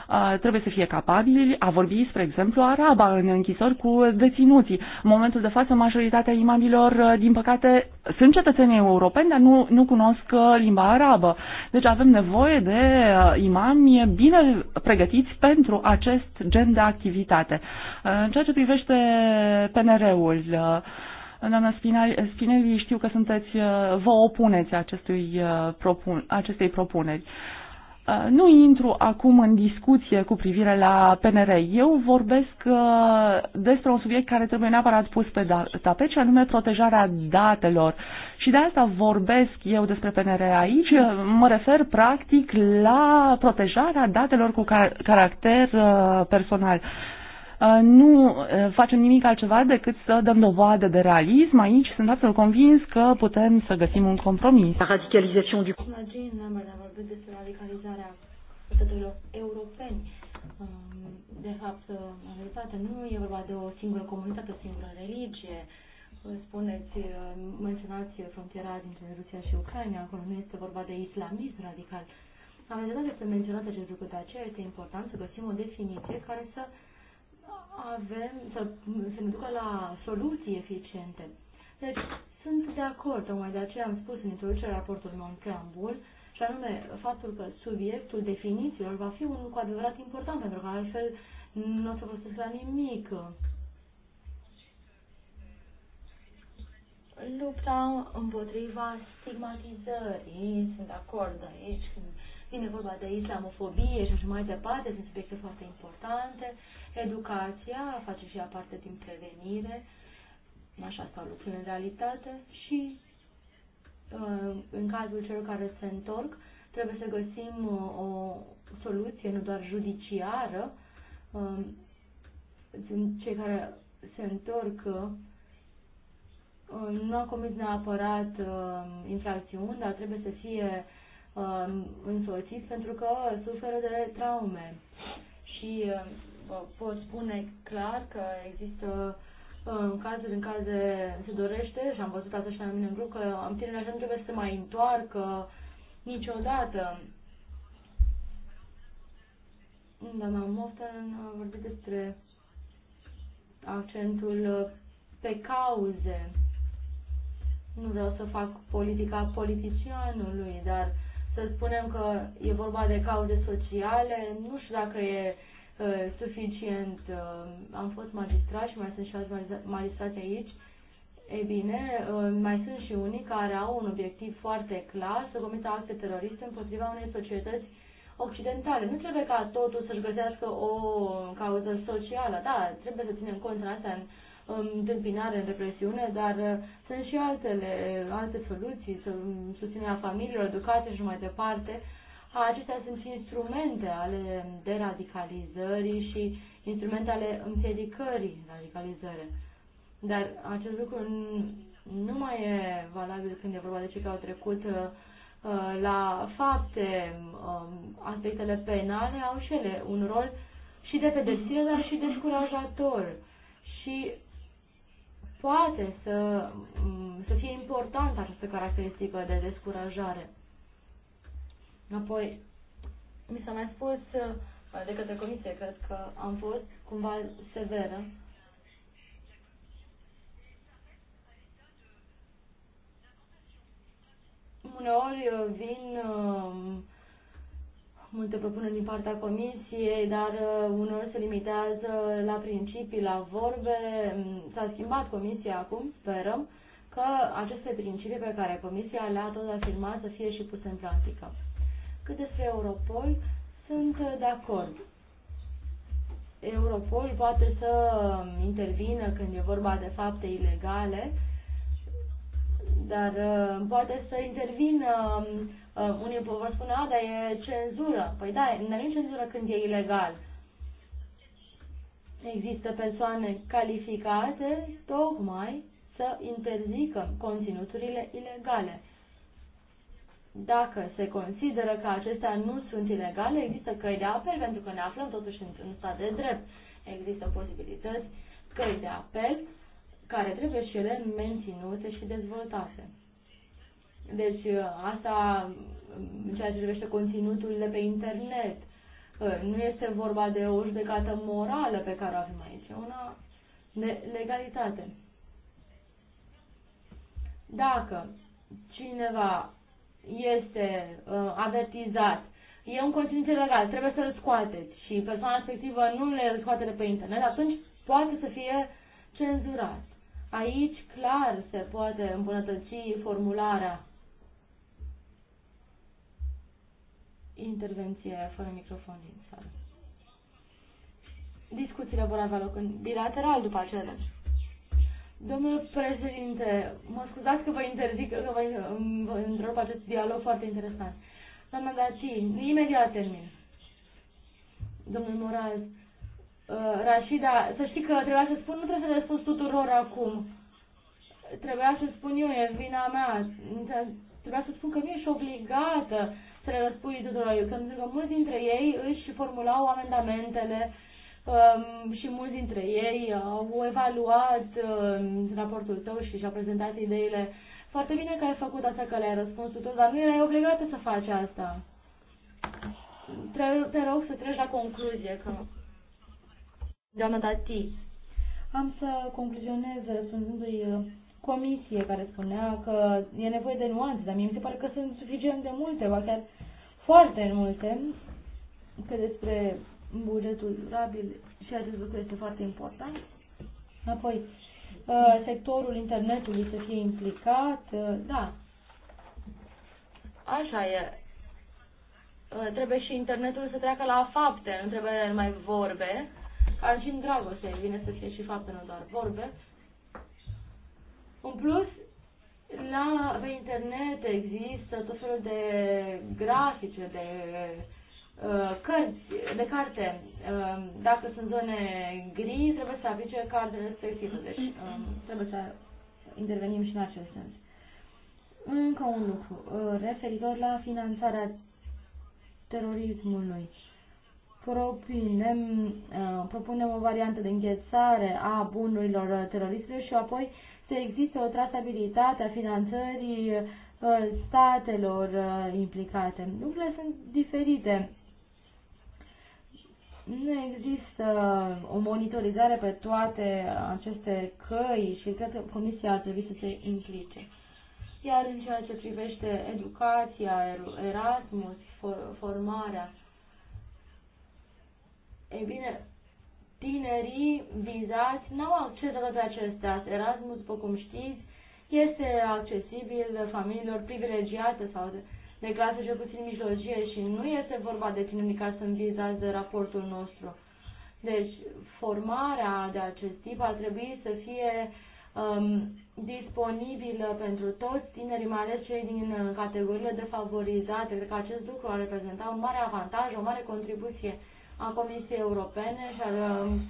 uh, trebuie să fie capabili a vorbi, spre exemplu, araba în închisori cu deținuții. În momentul de față, majoritatea imamilor, uh, din păcate, sunt cetățenii europeni, dar nu, nu cunosc limba arabă. Deci avem nevoie de imami bine pregătiți pentru acest gen de activitate. În ceea ce privește PNR-ul, Doamna Spinelli, știu că sunteți, uh, vă opuneți acestui, uh, propun, acestei propuneri. Uh, nu intru acum în discuție cu privire la PNR. Eu vorbesc despre un subiect care trebuie neapărat pus pe da-, tapet, și anume protejarea datelor. Și de asta vorbesc eu despre PNR aici. Mă refer practic la protejarea datelor cu caracter personal. Uh, nu uh, facem nimic altceva decât să dăm dovadă de realism. Aici sunt absolut convins că putem să găsim un compromis. Radicalizația du... Imagine, a vorbit despre radicalizarea cetățenilor europeni. Um, de fapt, uh, în realitate, nu e vorba de o singură comunitate, o singură religie. Spuneți, menționați frontiera dintre Rusia și Ucraina, acolo nu este vorba de islamism radical. Am realitate, să menționat acest lucru, de aceea este important să găsim o definiție care să avem, să să ne ducă la soluții eficiente. Deci, sunt de acord, tocmai de aceea am spus în introducerea raportului meu în preambul, și anume faptul că subiectul definițiilor va fi unul cu adevărat important, pentru că altfel nu o să folosesc la nimic. Lupta împotriva stigmatizării, sunt de acord aici, Vine vorba de islamofobie și așa mai departe, sunt subiecte foarte importante. Educația face și ea parte din prevenire, așa stau lucrurile în realitate și uh, în cazul celor care se întorc, trebuie să găsim uh, o soluție, nu doar judiciară. Um, sunt cei care se întorc uh, nu au comis neapărat infracțiuni, dar trebuie să fie Uh, însoțit pentru că suferă de traume. Și uh, pot spune clar că există în uh, cazuri în care se dorește, și am văzut asta și la mine în grup, că tinerii așa nu trebuie să se mai întoarcă niciodată. Doamna Moftan a vorbit despre accentul pe cauze. Nu vreau să fac politica politicianului, dar să spunem că e vorba de cauze sociale, nu știu dacă e uh, suficient. Uh, am fost magistrat și mai sunt și alți magistrați aici. e bine, uh, mai sunt și unii care au un obiectiv foarte clar, să comită acte teroriste împotriva unei societăți occidentale. Nu trebuie ca totul să-și găsească o cauză socială. Da, trebuie să ținem cont în asta în întâmpinare în represiune, dar uh, sunt și altele, uh, alte soluții, um, susținerea familiilor, educație și mai departe. Acestea sunt și instrumente ale deradicalizării și instrumente ale împiedicării radicalizării. Dar acest lucru nu mai e valabil când e vorba de cei care au trecut uh, la fapte, um, aspectele penale au și ele un rol și de pedepsire, dar și descurajator. Și poate să, mm, să fie importantă această caracteristică de descurajare. Apoi, mi s-a mai spus uh, de către comisie, cred că am fost cumva severă. Uneori uh, vin uh, multe propuneri din partea comisiei, dar uh, uneori se limitează la principii, la vorbe. Mm, s-a schimbat comisia acum, sperăm, că aceste principii pe care comisia le-a tot afirmat să fie și puse în practică. Cât despre Europol, sunt uh, de acord. Europol poate să um, intervină când e vorba de fapte ilegale, dar uh, poate să intervină um, Uh, unii vor spune, a, dar e cenzură. Păi da, nu e cenzură când e ilegal. Există persoane calificate tocmai să interzică conținuturile ilegale. Dacă se consideră că acestea nu sunt ilegale, există căi de apel, pentru că ne aflăm totuși în în stat de drept. Există posibilități, căi de apel, care trebuie și ele menținute și dezvoltate. Deci uh, asta mm, în ceea ce privește conținutul de pe internet. Uh, nu este vorba de o judecată morală pe care o avem aici, una de legalitate. Dacă cineva este uh, avertizat, e un conținut ilegal, trebuie să-l scoateți și persoana respectivă nu le scoate de pe internet, atunci poate să fie cenzurat. Aici clar se poate îmbunătăți formularea intervenție fără microfon din sală. Discuțiile vor avea loc în bilateral după aceea. Deci. Domnule președinte, mă scuzați că vă interzic, că vă, vă întrerup acest dialog foarte interesant. Doamna Daci, imediat termin. Domnul Moraz, uh, Rashida, să știi că trebuia să spun, nu trebuie să răspuns tuturor acum. Trebuia să spun eu, e vina mea. Trebuia să spun că nu ești obligată să le răspui tuturor, pentru că mulți dintre ei își formulau amendamentele um, și mulți dintre ei au evaluat um, raportul tău și și-au prezentat ideile. Foarte bine că ai făcut asta, că le-ai răspuns tuturor, dar nu erai obligată să faci asta. Tre- te rog să treci la concluzie, că... Doamna dati. am să concluzionez răspunzându-i uh, comisie care spunea că e nevoie de nuanțe, dar mie mi se pare că sunt suficient de multe, ba chiar foarte multe că despre bugetul durabil și acest lucru este foarte important. Apoi, uh, sectorul internetului să fie implicat, uh, da. Așa e. Uh, trebuie și internetul să treacă la fapte, nu trebuie mai vorbe. Ar fi în dragoste, vine să fie și fapte, nu doar vorbe. În plus, la, pe internet există tot felul de grafice, de uh, cărți, de carte. Uh, dacă sunt zone gri, trebuie să aplice cartele respective. Deci uh, trebuie să intervenim și în acest sens. Încă un lucru, uh, referitor la finanțarea terorismului. Propunem, uh, propunem o variantă de înghețare a bunurilor teroriste și apoi uh, să existe o trasabilitate a finanțării uh, statelor uh, implicate. Lucrurile sunt diferite. Nu există o monitorizare pe toate aceste căi și cred că Comisia ar trebui să se implice. Iar în ceea ce privește educația, Erasmus, formarea, ei bine, tinerii vizați nu au acces la toate acestea. Erasmus, după cum știți, este accesibil familiilor privilegiate sau de, de clasă cel puțin mijlocie și nu este vorba de tinerii ca să vizați de raportul nostru. Deci, formarea de acest tip ar trebui să fie um, disponibilă pentru toți tinerii, mai ales cei din uh, categoriile defavorizate. Cred că acest lucru ar reprezenta un mare avantaj, o mare contribuție a Comisiei Europene și ar, um,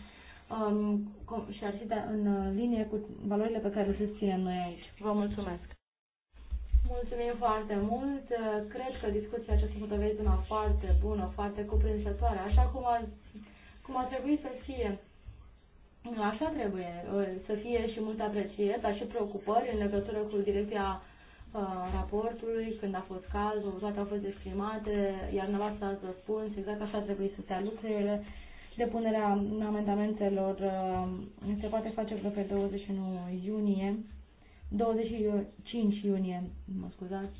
um și ar fi în linie cu valorile pe care le susținem noi aici. Vă mulțumesc! Mulțumim foarte mult! Cred că discuția aceasta a fost una foarte bună, foarte cuprinsătoare, așa cum ar, cum ar trebui să fie. Așa trebuie uh, să fie și multă apreciere, dar și preocupări în legătură cu direcția raportului, când a fost cazul, toate au fost exprimate, iar dumneavoastră ați răspuns, exact așa trebuie să stea lucrurile. Depunerea amendamentelor uh, se poate face vreo pe 21 iunie, 25 iunie, mă scuzați.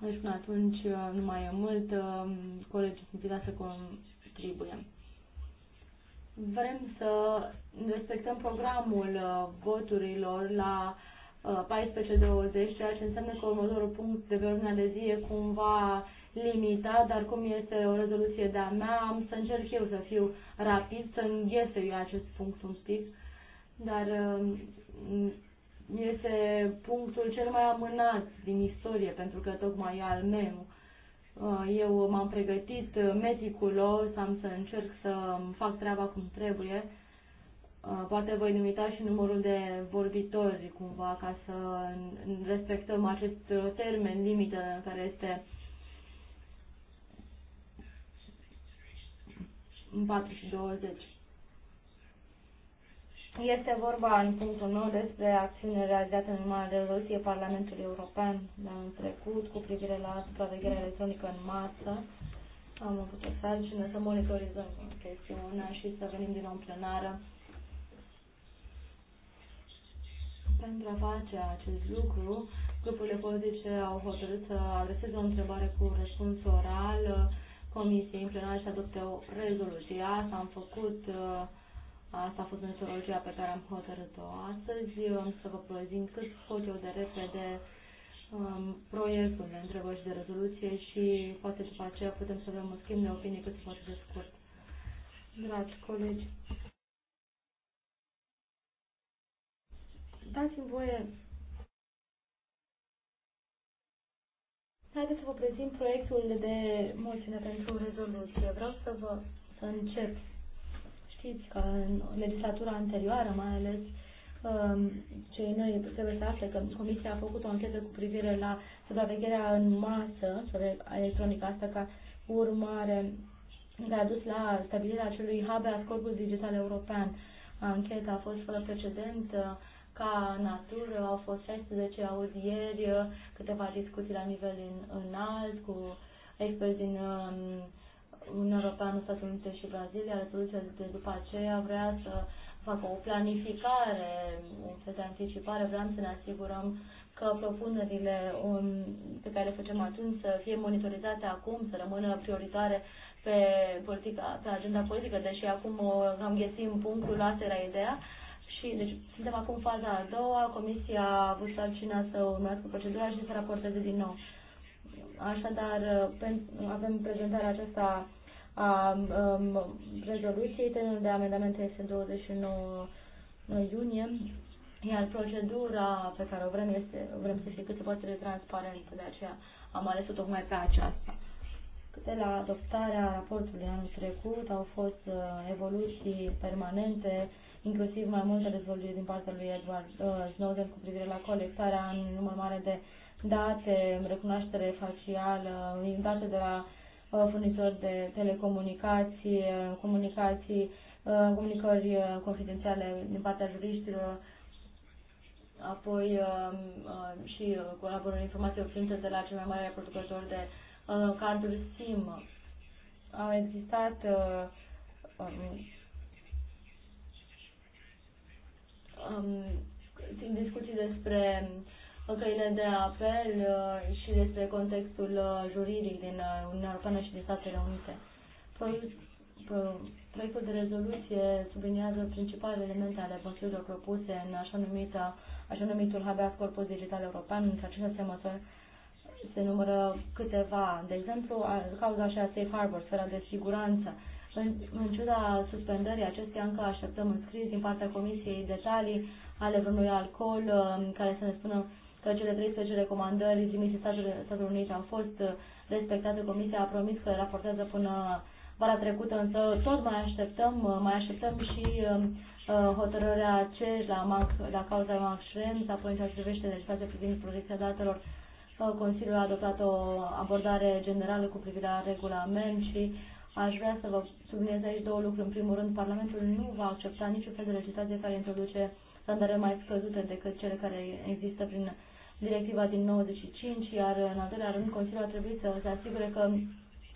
Deci până atunci uh, nu mai e mult, uh, colegii sunt să contribuie. Vrem să respectăm programul voturilor la uh, 14-20, ceea ce înseamnă că următorul punct de pe ordinea de zi e cumva limitat, dar cum este o rezoluție de-a mea, am să încerc eu să fiu rapid, să înghese eu acest punct un pic, dar um, este punctul cel mai amânat din istorie, pentru că tocmai e al meu. Uh, eu m-am pregătit meticulos, am să încerc să fac treaba cum trebuie, Uh, poate voi limita și numărul de vorbitori cumva ca să respectăm acest uh, termen limită care este 4 și 20. Este vorba, în punctul nou despre acțiune realizată în urma rezoluție Parlamentului European de anul trecut cu privire la supravegherea electronică în masă. Am avut o sarcină să monitorizăm chestiunea și să venim din nou în plenară Pentru a face acest lucru, grupurile politice au hotărât să adreseze o întrebare cu răspuns oral Comisiei în plenar și adopte o rezoluție. Asta am făcut, uh, asta a fost metodologia pe care am hotărât-o astăzi. Am să vă prezint cât pot eu de repede um, proiectul de întrebări și de rezoluție și poate după aceea putem să avem un schimb de opinie cât se poate de scurt. Dragi colegi, Dați-mi voie. Haideți să vă prezint proiectul de moțiune pentru rezoluție. Vreau să vă să încep. Știți că în legislatura anterioară, mai ales um, cei noi trebuie să afle că Comisia a făcut o anchetă cu privire la supravegherea în masă electronică, asta ca urmare care a dus la stabilirea acelui habeas corpus digital european. Ancheta a fost fără precedent uh, ca natură au fost 16 audieri, câteva discuții la nivel în, înalt cu experți din um, Uniunea Europeană, Statele Unite și Brazilia. Rezoluția de după aceea vrea să facă o planificare, un fel de anticipare. Vreau să ne asigurăm că propunerile um, pe care le facem atunci să fie monitorizate acum, să rămână prioritare pe, politica, pe agenda politică, deși acum am găsit punctul, asta era ideea și deci suntem acum faza a doua, comisia a avut sarcina să urmească procedura și să raporteze din nou. Așadar, avem prezentarea aceasta a um, rezoluției, termenul de amendamente este 29 iunie, iar procedura pe care o vrem, este, vrem să fie cât se poate de transparentă, de aceea am ales-o tocmai pe aceasta. De la adoptarea raportului anul trecut au fost uh, evoluții permanente inclusiv mai multe dezvăluiri din partea lui Edward uh, Snowden cu privire la colectarea în număr mare de date, recunoaștere facială, date de la uh, furnizori de telecomunicații, uh, comunicații, comunicări confidențiale din partea juriștilor, apoi și colaborări informații obținute de la cel mai mare producător de carduri SIM. Au existat um, um, discuții despre uh, căile de apel uh, și despre contextul uh, juridic din Uniunea Europeană și din Statele Unite. Proiectul de rezoluție subliniază principalele elemente ale măsurilor propuse în așa, numită, așa numitul habeas corpus digital european, în acestea se măsoară se numără câteva, de exemplu, cauza așa Safe Harbor, sfera de siguranță, în, în ciuda suspendării acesteia, încă așteptăm înscris din partea Comisiei detalii ale vreunui alcool um, care să ne spună că cele 13 recomandări trimise Statelor Unite au fost uh, respectate. Comisia a promis că raportează până vara trecută, însă tot mai așteptăm, uh, mai așteptăm și um, uh, hotărârea CEJ la, Mac, la cauza Max Schrems, apoi în ceea ce privește legislația privind protecția datelor, Consiliul a adoptat o abordare generală cu privire la regulament și Aș vrea să vă subliniez aici două lucruri. În primul rând, Parlamentul nu va accepta niciun fel de legislație care introduce standarde mai scăzute decât cele care există prin directiva din 95, iar în al doilea rând, Consiliul a trebuit să se asigure că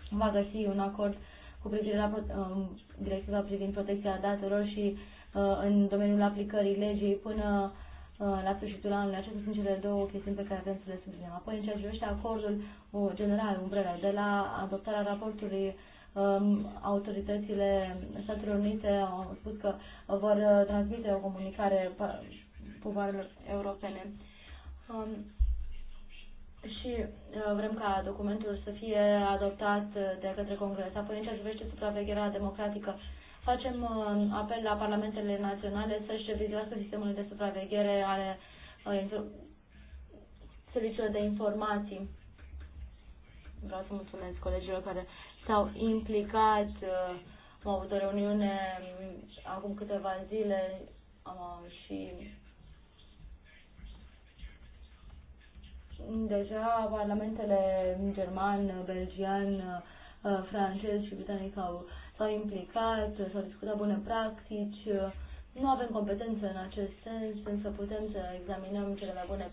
va găsi un acord cu privire la um, directiva privind protecția datelor și uh, în domeniul aplicării legii până uh, la sfârșitul anului. Acestea sunt cele două chestiuni pe care avem să le subliniem. Apoi, în ceea ce privește acordul uh, general, umbrele, de la adoptarea raportului Um, autoritățile Statelor Unite au spus că vor uh, transmite o comunicare povarelor europene. Um, și uh, vrem ca documentul să fie adoptat de către Congres. Apoi, în ceea ce privește supravegherea democratică, facem uh, apel la parlamentele naționale să-și revizuiască sistemul de supraveghere ale serviciilor de informații. Vreau să mulțumesc colegilor care s-au implicat, uh, am avut o reuniune mm, acum câteva zile și deja parlamentele german, belgian, uh, francez și britanic au, s-au implicat, s-au discutat bune practici. Nu avem competențe în acest sens, însă putem să examinăm cele mai bune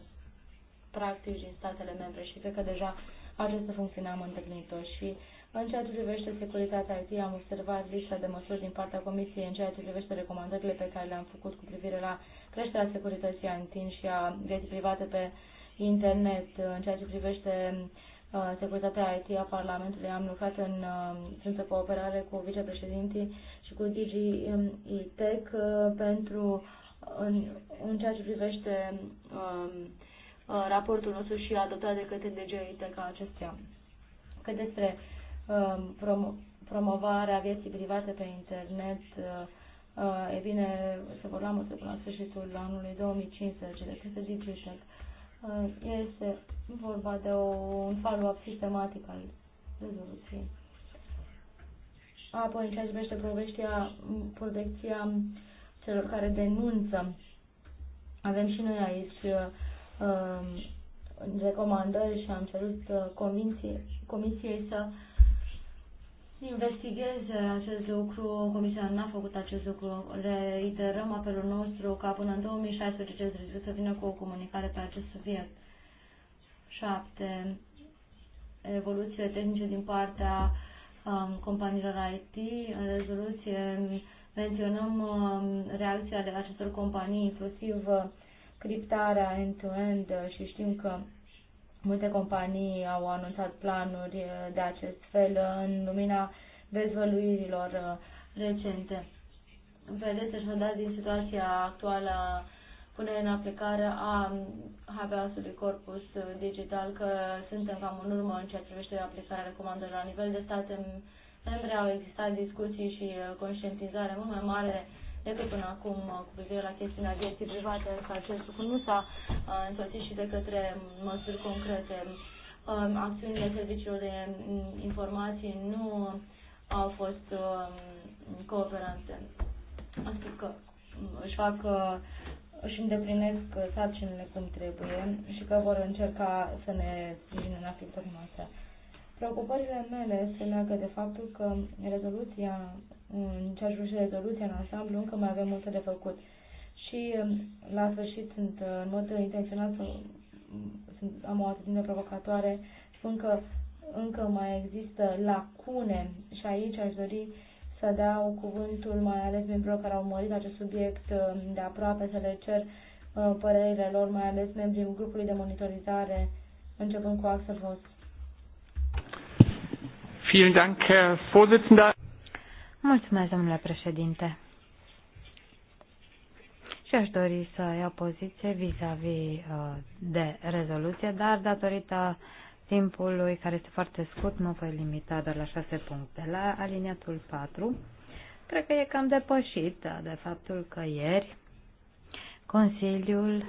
practici din statele membre și cred că deja această funcțiune am întâlnit-o și în ceea ce privește securitatea IT, am observat lista de măsuri din partea Comisiei în ceea ce privește recomandările pe care le-am făcut cu privire la creșterea securității IT și a vieții private pe internet. În ceea ce privește uh, securitatea IT a Parlamentului, am lucrat în uh, strânsă cooperare cu vicepreședintii și cu DGI um, Tech uh, pentru în, în ceea ce privește um, raportul nostru și adoptat de către Tech a acestea. Că despre uh, Um, promovarea vieții private pe internet, uh, uh, e bine, să vorbim asta până la sfârșitul anului 2015, de câte uh, Este vorba de o, un follow-up sistematic al rezoluției. Apoi, în ceea ce privește protecția, protecția celor care denunță, avem și noi aici uh, um, recomandări și am cerut comisiei, comisiei să uh, investigheze acest lucru. Comisia n-a făcut acest lucru. Reiterăm apelul nostru ca până în 2016 să vină cu o comunicare pe acest subiect. 7. Evoluțiile tehnice din partea um, companiilor IT. În rezoluție menționăm um, reacția de acestor companii, inclusiv uh, criptarea end-to-end -end, uh, și știm că Multe companii au anunțat planuri eh, de acest fel în lumina dezvăluirilor eh, recente. Vedeți așadar deci, din situația actuală punerea în aplicare a habeasului corpus digital că suntem cam în urmă în ceea ce privește aplicarea recomandărilor la nivel de state membre. Au existat discuții și eh, conștientizare mult mai mare decât până acum uh, cu privire la chestiunea vieții private, că acest lucru nu s-a uh, însoțit și de către măsuri concrete. Um, acțiunile serviciilor de mm, informații nu au fost um, cooperante. Am că mm, își fac uh, își îndeplinesc sarcinile cum trebuie și că vor încerca să ne sprijine în activitatea noastră. Preocupările mele se leagă de faptul că rezoluția, în ceea ce privește rezoluția în ansamblu, încă mai avem multe de făcut. Și um, la sfârșit sunt uh, în mod intenționat, sunt, am o atitudine provocatoare, spun că încă mai există lacune și aici aș dori să dau cuvântul mai ales membrilor care au mărit acest subiect um, de aproape, să le cer uh, părerile lor, mai ales membrii grupului de monitorizare, începând cu Axel Voss. Vielen Dank, Herr Vorsitzender. Mulțumesc, domnule președinte. Și aș dori să iau poziție vis-a-vis -vis uh, de rezoluție, dar datorită timpului, care este foarte scurt, nu voi limita doar la șase puncte. La aliniatul 4, cred că e cam depășit de faptul că ieri Consiliul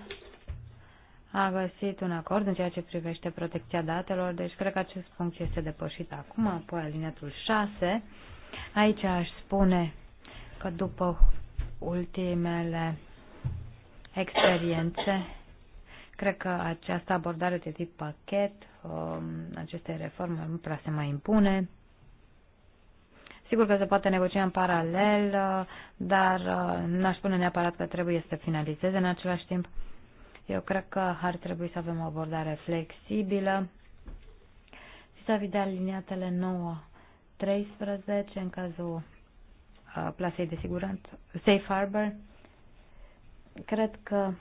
a găsit un acord în ceea ce privește protecția datelor, deci cred că acest punct este depășit acum, apoi alineatul 6. Aici aș spune că după ultimele experiențe, cred că această abordare de tip pachet, um, aceste reforme nu prea se mai impune. Sigur că se poate negocia în paralel, uh, dar uh, n-aș spune neapărat că trebuie să finalizeze în același timp. Eu cred că ar trebui să avem o abordare flexibilă vis-a-vis de aliniatele 9, 13 în cazul uh, plasei de siguranță, Safe Harbor. Cred că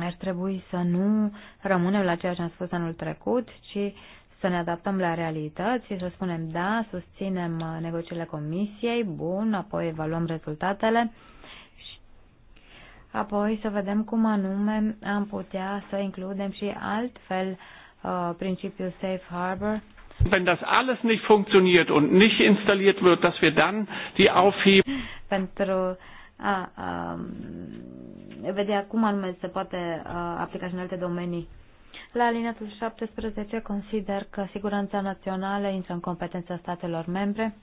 ar trebui să nu rămânem la ceea ce am spus anul trecut, ci să ne adaptăm la realități și să spunem da, susținem uh, negocierile comisiei, bun, apoi evaluăm rezultatele apoi să vedem cum anume am putea să includem și altfel uh, principiul safe harbor. Wenn das alles nicht funktioniert und nicht installiert wird, dass wir dann die aufheben. Pentru a, a um, vedea cum anume se poate a, uh, aplica și în alte domenii. La alineatul 17 consider că siguranța națională intră în competența statelor membre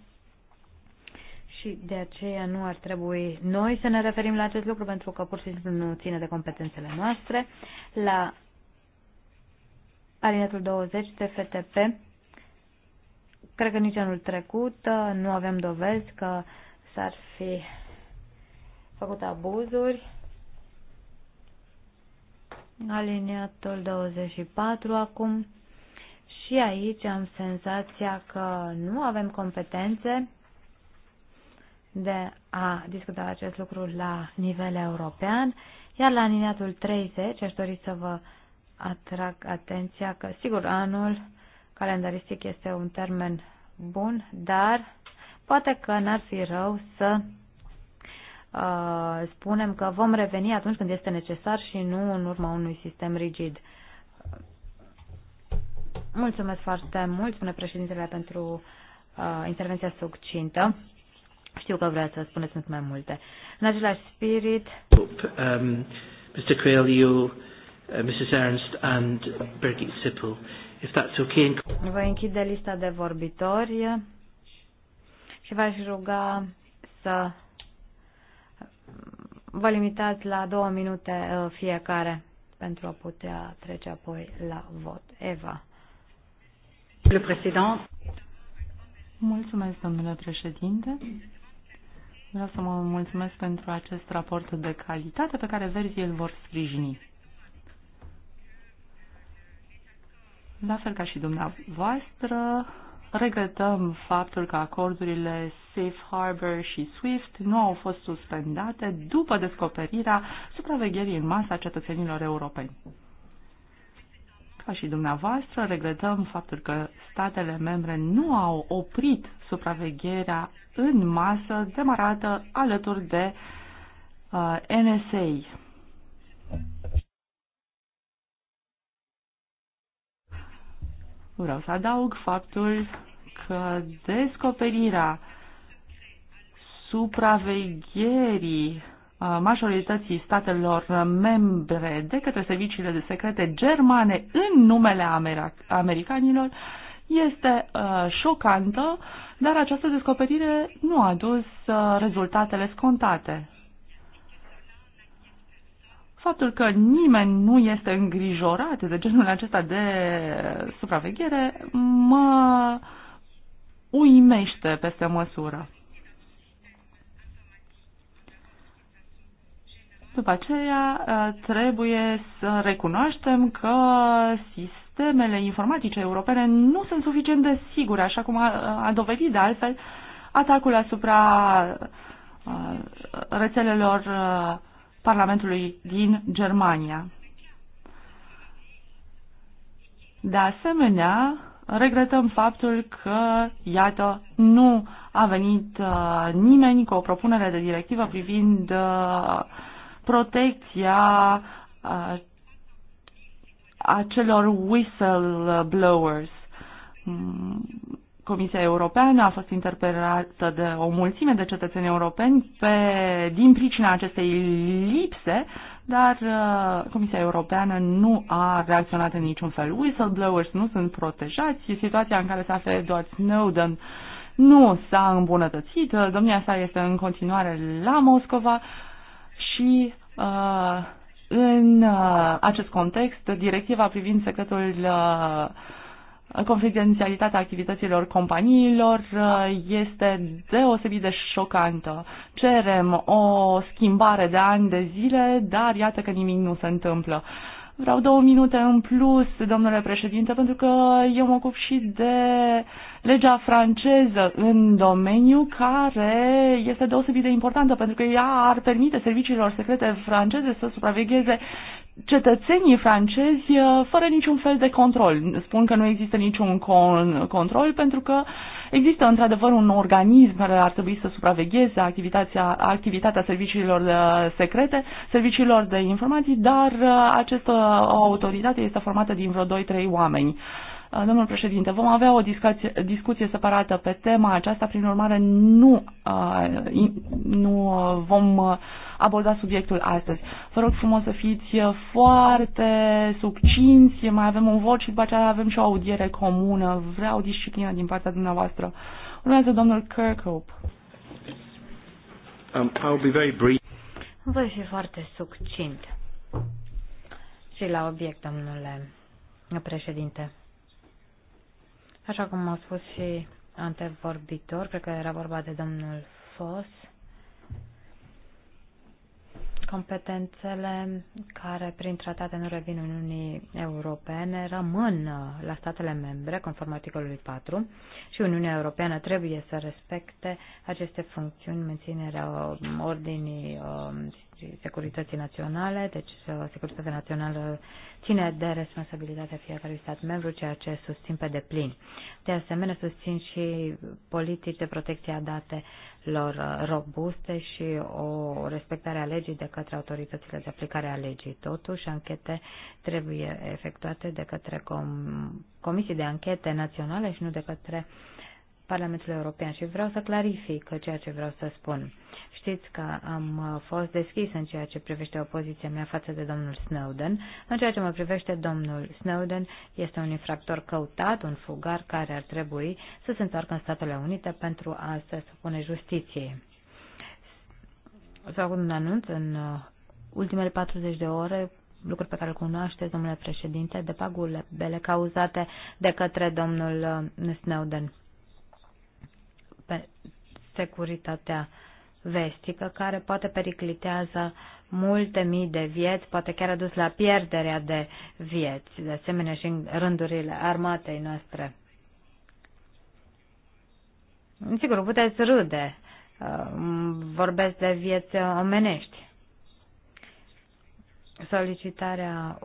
și de aceea nu ar trebui noi să ne referim la acest lucru pentru că pur și simplu nu ține de competențele noastre. La alinatul 20 de FTP, cred că nici anul trecut uh, nu avem dovezi că s-ar fi făcut abuzuri. Aliniatul 24 acum. Și aici am senzația că nu avem competențe de a discuta acest lucru la nivel european, iar la aliniatul 30 aș dori să vă atrag atenția că, sigur, anul calendaristic este un termen bun, dar poate că n-ar fi rău să uh, spunem că vom reveni atunci când este necesar și nu în urma unui sistem rigid. Mulțumesc foarte mult, spune președintele, pentru uh, intervenția succintă. Știu că vreau să spuneți mult mai multe. În același spirit... Um, Mr. Creel, you, uh, Mrs. Ernst and Birgit Sippel, if that's okay. Voi închide lista de vorbitori și v-aș ruga să vă limitați la două minute uh, fiecare pentru a putea trece apoi la vot. Eva. Le Mulțumesc, domnule președinte. Vreau să mă mulțumesc pentru acest raport de calitate pe care verzii îl vor sprijini. La fel ca și dumneavoastră, regretăm faptul că acordurile Safe Harbor și SWIFT nu au fost suspendate după descoperirea supravegherii în masă a cetățenilor europeni ca și dumneavoastră, regretăm faptul că statele membre nu au oprit supravegherea în masă demarată alături de uh, NSA. Vreau să adaug faptul că descoperirea supravegherii majorității statelor membre de către serviciile de secrete germane în numele americanilor este uh, șocantă, dar această descoperire nu a dus uh, rezultatele scontate. Faptul că nimeni nu este îngrijorat de genul acesta de supraveghere mă uimește peste măsură. După aceea, ă, trebuie să recunoaștem că sistemele informatice europene nu sunt suficient de sigure, așa cum a, dovedit de altfel atacul asupra ă, rețelelor ă, Parlamentului din Germania. De asemenea, regretăm faptul că, iată, nu a venit nimeni cu o propunere de directivă privind protecția acelor whistleblowers. Comisia Europeană a fost interpelată de o mulțime de cetățeni europeni pe, din pricina acestei lipse, dar Comisia Europeană nu a reacționat în niciun fel. Whistleblowers nu sunt protejați, e situația în care se află Edward Snowden nu s-a îmbunătățit, domnia sa este în continuare la Moscova, și uh, în uh, acest context, directiva privind secretul uh, confidențialitatea activităților companiilor uh, este deosebit de șocantă. Cerem o schimbare de ani de zile, dar iată că nimic nu se întâmplă. Vreau două minute în plus, domnule președinte, pentru că eu mă ocup și de uh, legea franceză în domeniu care este deosebit de importantă pentru că ea ar permite serviciilor secrete franceze să supravegheze cetățenii francezi uh, fără niciun fel de control. Spun că nu există niciun con- control pentru că există într-adevăr un organism care ar trebui să supravegheze activitatea, activitatea serviciilor uh, secrete, serviciilor de informații, dar uh, această autoritate este formată din vreo 2-3 oameni. Uh, Ah, domnul președinte, vom avea o discuție, discuție separată pe tema aceasta, prin urmare nu, ah, nu ah, vom aborda subiectul astăzi. Vă rog frumos să fiți foarte subcinți, mai avem un vot și după aceea avem și o audiere comună. Vreau disciplina din partea dumneavoastră. Urmează domnul Kirkhope. Um, I'll be very brief. Voi fi foarte succint. Și la obiect, domnule președinte. Așa cum au spus și antevorbitor, cred că era vorba de domnul Fos, competențele care prin tratate nu revin Uniunii Europene rămân la statele membre, conform articolului 4, și Uniunea Europeană trebuie să respecte aceste funcțiuni, menținerea ordinii um, securității naționale, deci securitatea națională ține de responsabilitatea fiecărui stat membru, ceea ce susțin pe deplin. De asemenea, susțin și politici de protecție a datelor robuste și o respectare a legii de către autoritățile de aplicare a legii. Totuși, anchete trebuie efectuate de către com- comisii de anchete naționale și nu de către uh, Parlamentul European și vreau să clarific ceea ce vreau să spun. Știți că am fost deschis în ceea ce privește opoziția mea față de domnul Snowden. În ceea ce mă privește, domnul Snowden este un infractor căutat, un fugar care ar trebui să se întoarcă în Statele Unite pentru a se supune justiției. S-a făcut un anunț în ultimele 40 de ore lucruri pe care îl cunoașteți, domnule președinte, de pagurile cauzate de către domnul Snowden pe securitatea vestică, care poate periclitează multe mii de vieți, poate chiar a dus la pierderea de vieți, de asemenea și în rândurile armatei noastre. Sigur, puteți râde, uh, vorbesc de vieți omenești. Solicitarea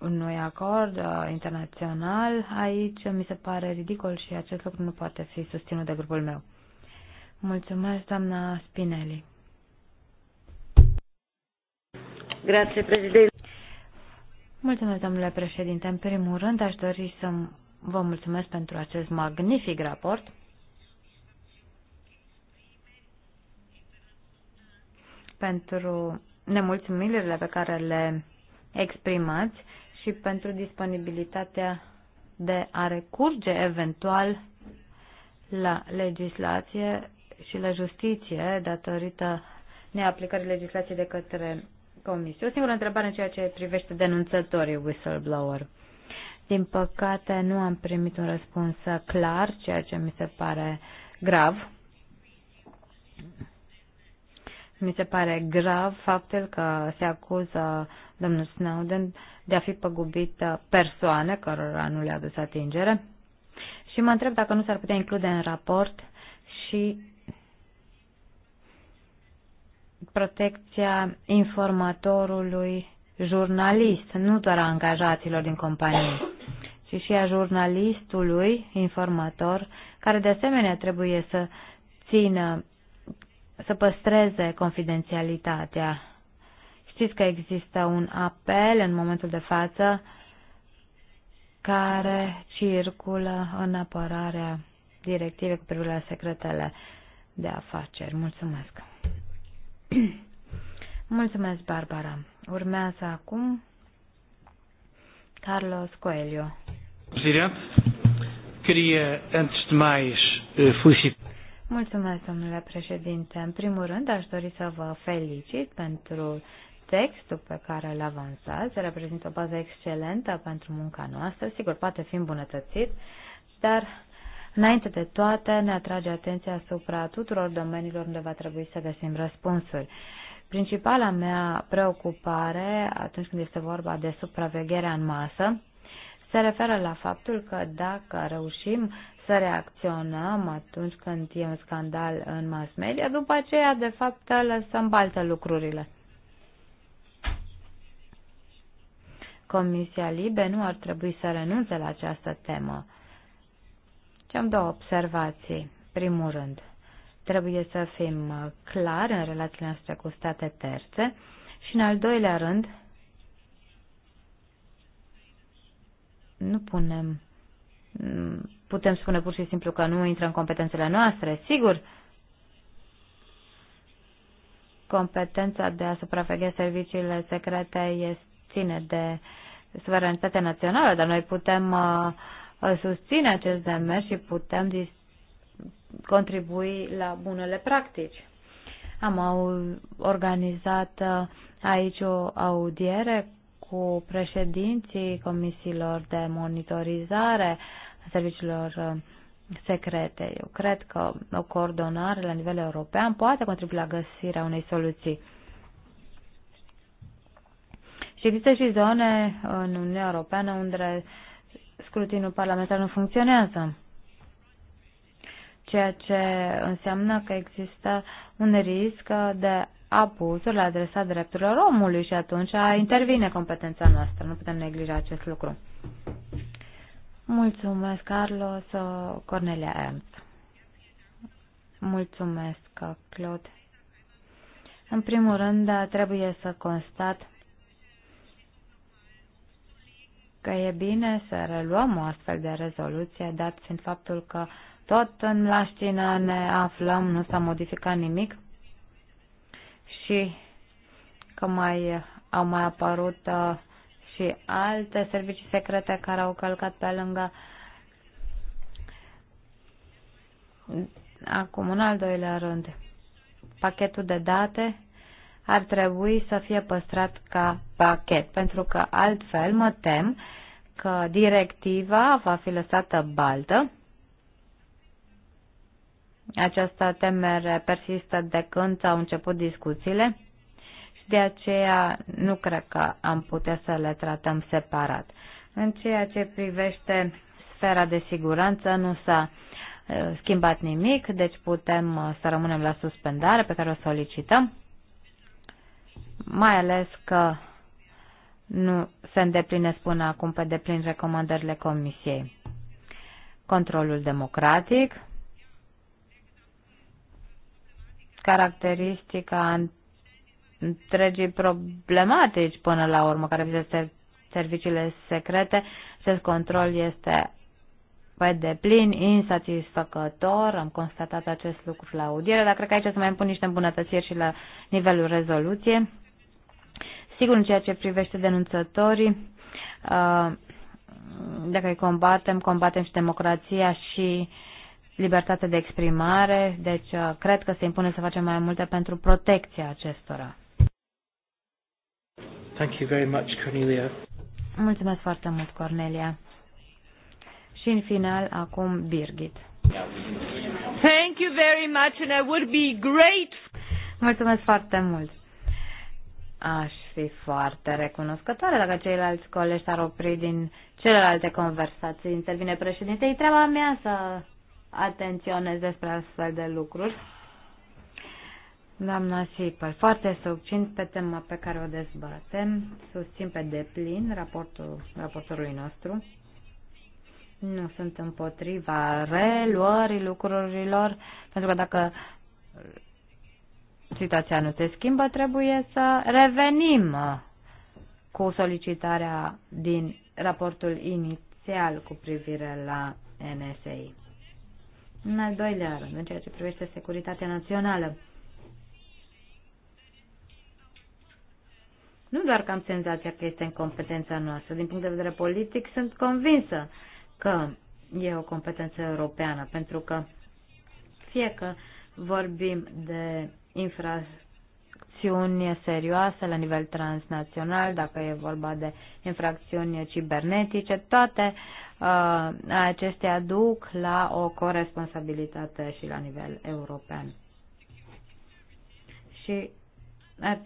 unui acord uh, internațional, aici mi se pare ridicol și acest lucru nu poate fi susținut de grupul meu. Mulțumesc, doamna Spinelli. Grazie, președinte. Mulțumesc, domnule președinte. În primul rând, aș dori să vă mulțumesc pentru acest magnific raport. pentru nemulțumirile pe care le exprimați și pentru disponibilitatea de a recurge eventual la legislație și la justiție datorită neaplicării legislației de către comisie. O singură întrebare în ceea ce privește denunțătorii whistleblower. Din păcate, nu am primit un răspuns clar, ceea ce mi se pare grav. Mi se pare grav faptul că se acuză domnul Snowden de a fi păgubit uh, persoane cărora nu le-a dus atingere și mă întreb dacă nu s-ar putea include în raport și protecția informatorului jurnalist, nu doar a angajaților din companie, ci și a jurnalistului informator, care de asemenea trebuie să țină să păstreze confidențialitatea. Știți că există un apel în momentul de față care circulă în apărarea directivei cu privire la secretele de afaceri. Mulțumesc! Mulțumesc, Barbara! Urmează acum Carlos Coelho. Presidente, queria, antes de mais, eh, felicitar. Mulțumesc, domnule președinte. În primul rând, aș dori să vă felicit pentru textul pe care îl avansați. Reprezintă o bază excelentă pentru munca noastră. Sigur, poate fi îmbunătățit, dar Înainte de toate, ne atrage atenția asupra tuturor domeniilor unde va trebui să găsim răspunsuri. Principala mea preocupare atunci când este vorba de supravegherea în masă se referă la faptul că dacă reușim să reacționăm atunci când e un scandal în mass media, după aceea, de fapt, lăsăm baltă lucrurile. Comisia Libe nu ar trebui să renunțe la această temă. Ce am două observații. Primul rând, trebuie să fim clari în relațiile noastre cu state terțe și, în al doilea rând, nu punem putem spune pur și simplu că nu intră în competențele noastre, sigur, competența de a supraveghea serviciile secrete este, ține de suveranitatea națională, dar noi putem uh, uh susține acest demers și putem dis- contribui la bunele practici. Am au organizat uh, aici o audiere cu președinții comisiilor de monitorizare a serviciilor uh, secrete. Eu cred că o coordonare la nivel european poate contribui la găsirea unei soluții. Și există și zone în Uniunea Europeană unde scrutinul parlamentar nu funcționează, ceea ce înseamnă că există un risc de abuzuri la adresa drepturilor omului și atunci intervine competența noastră. Nu putem neglija acest lucru. Mulțumesc, Carlos uh, Cornelia Ernst. Mulțumesc, uh, Claude. În primul rând, uh, trebuie să constat că e bine să reluăm o astfel de rezoluție, dat fiind faptul că tot în laștină ne aflăm, nu s-a modificat nimic și că mai uh, au mai apărut uh, și alte servicii secrete care au călcat pe lângă. Acum, în al doilea rând, pachetul de date ar trebui să fie păstrat ca pachet, pentru că altfel mă tem că directiva va fi lăsată baltă această temere persistă de când au început discuțiile și de aceea nu cred că am putea să le tratăm separat. În ceea ce privește sfera de siguranță, nu s-a uh, schimbat nimic, deci putem uh, să rămânem la suspendare pe care o solicităm, mai ales că nu se îndeplinesc până acum pe deplin recomandările Comisiei. Controlul democratic, caracteristica întregii problematici până la urmă, care vizează serviciile secrete. Acest control este pe deplin insatisfăcător. Am constatat acest lucru la audiere, dar cred că aici să mai pun niște îmbunătățiri și la nivelul rezoluție. Sigur, în ceea ce privește denunțătorii, uh, dacă îi combatem, combatem și democrația și uh, libertate de exprimare, deci uh, cred că se impune să facem mai multe pentru protecția acestora. Thank you very much, Cornelia. Mulțumesc foarte mult, Cornelia. Și în final, acum Birgit. Thank you very much and I would be great. Mulțumesc foarte mult. Aș fi foarte recunoscătoare dacă ceilalți colegi s-ar opri din celelalte conversații. Intervine președinte, e treaba mea să atenționez despre astfel de lucruri. Doamna Sipăl, foarte succint pe tema pe care o dezbatem, susțin pe deplin raportul raportului nostru. Nu sunt împotriva reluării lucrurilor, pentru că dacă situația nu se schimbă, trebuie să revenim cu solicitarea din raportul inițial cu privire la NSI. În al doilea rând, în ceea ce privește securitatea națională, nu doar că am senzația că este în competența noastră, din punct de vedere politic sunt convinsă că e o competență europeană, pentru că fie că vorbim de infracțiuni serioase la nivel transnațional, dacă e vorba de infracțiuni cibernetice, toate uh, Uh, acestea duc la o corresponsabilitate și la nivel european. Și uh,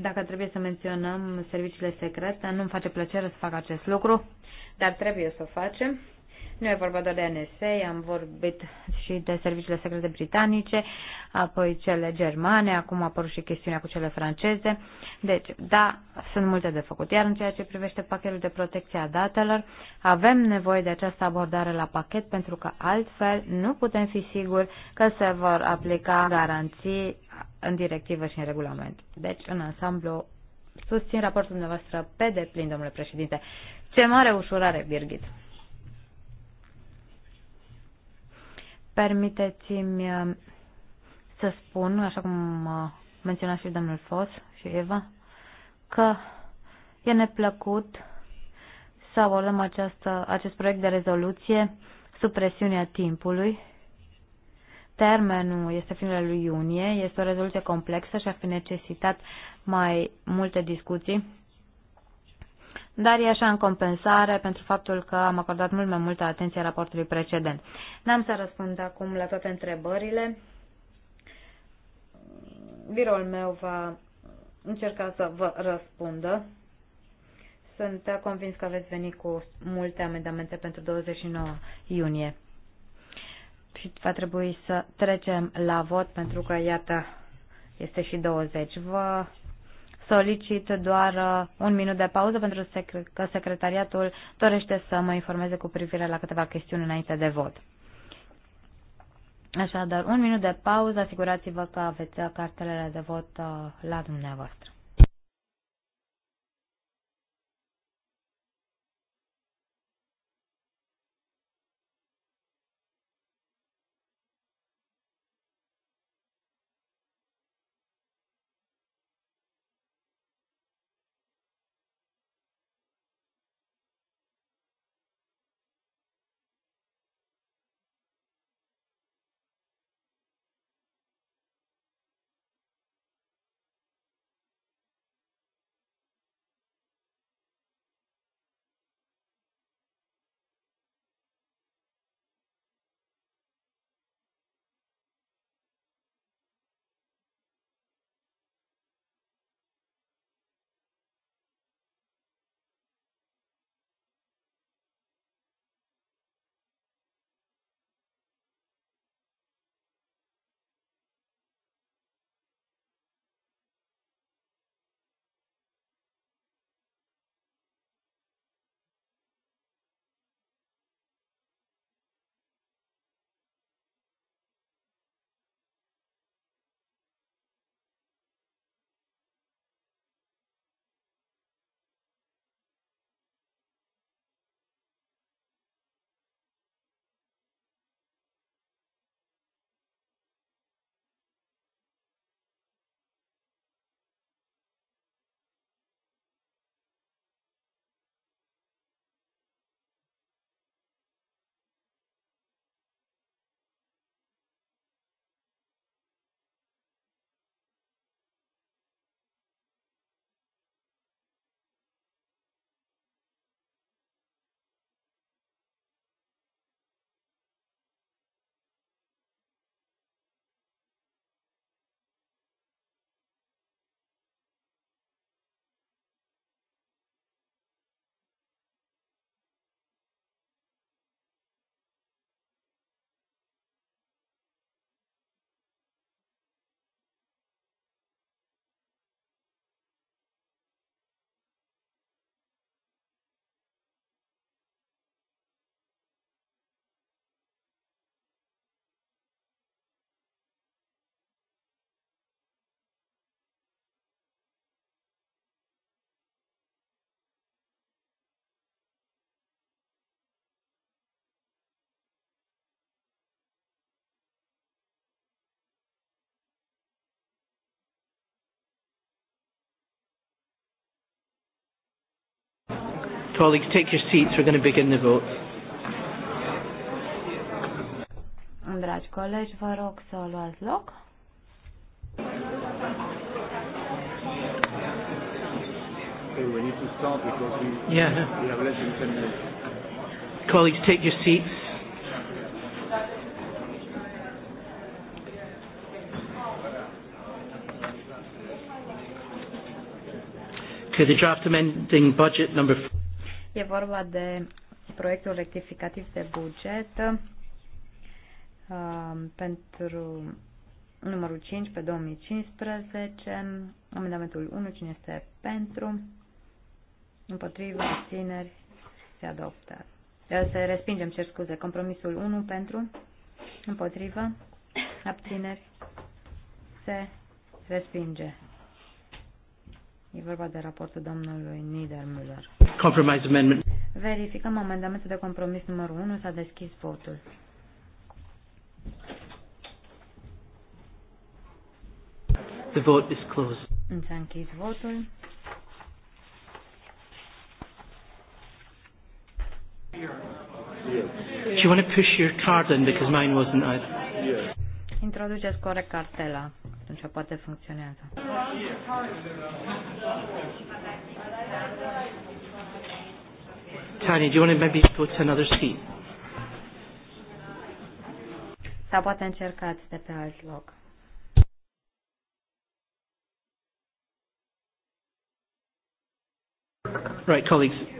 dacă trebuie să menționăm serviciile secrete, nu-mi face plăcere să fac acest lucru, dar trebuie să o facem. Nu e vorba doar de NSA, am vorbit și de serviciile secrete britanice, apoi cele germane, acum a apărut și chestiunea cu cele franceze. Deci, da, sunt multe de făcut. Iar în ceea ce privește pachetul de protecție a datelor, avem nevoie de această abordare la pachet pentru că altfel nu putem fi siguri că se vor aplica garanții în directivă și în regulament. Deci, în ansamblu, susțin raportul dumneavoastră pe deplin, domnule președinte. Ce mare ușurare, Birgit! Permiteți-mi uh, să spun, așa cum uh, menționa și domnul Fos și Eva, că e neplăcut să abolăm această, acest proiect de rezoluție sub presiunea timpului. Termenul este finele lui iunie, este o rezoluție complexă și ar fi necesitat mai multe discuții dar e așa în compensare pentru faptul că am acordat mult mai multă atenție raportului precedent. N-am să răspund acum la toate întrebările. Biroul meu va încerca să vă răspundă. Sunt convins că veți veni cu multe amendamente pentru 29 iunie. Și va trebui să trecem la vot pentru că, iată, este și 20. Vă solicit doar uh, un minut de pauză pentru că secretariatul dorește să mă informeze cu privire la câteva chestiuni înainte de vot. Așadar, un minut de pauză, asigurați-vă că aveți cartelele de vot uh, la dumneavoastră. Colleagues, take your seats. We're going to begin the vote. Dragi colegi, vă rog să o luați loc. yeah. Colleagues, take your seats. Okay, the draft amending budget number four. E vorba de proiectul rectificativ de buget um, pentru numărul 5 pe 2015, amendamentul 1, cine este pentru, împotriva, abțineri, se adoptă. Să respingem, cer scuze, compromisul 1 pentru, împotriva, abțineri, se respinge. E vorba de raportul domnului Niedermüller. Compromise amendment. Verificăm amendamentul de compromis numărul 1. S-a deschis votul. The vote is closed. S-a închis votul. Do you want to push your card in because mine wasn't? either? Introduceți corect cartela atunci poate funcționează. Tanya, do you want to maybe go to another seat? Sau poate încercați de pe alt loc. Right, colleagues,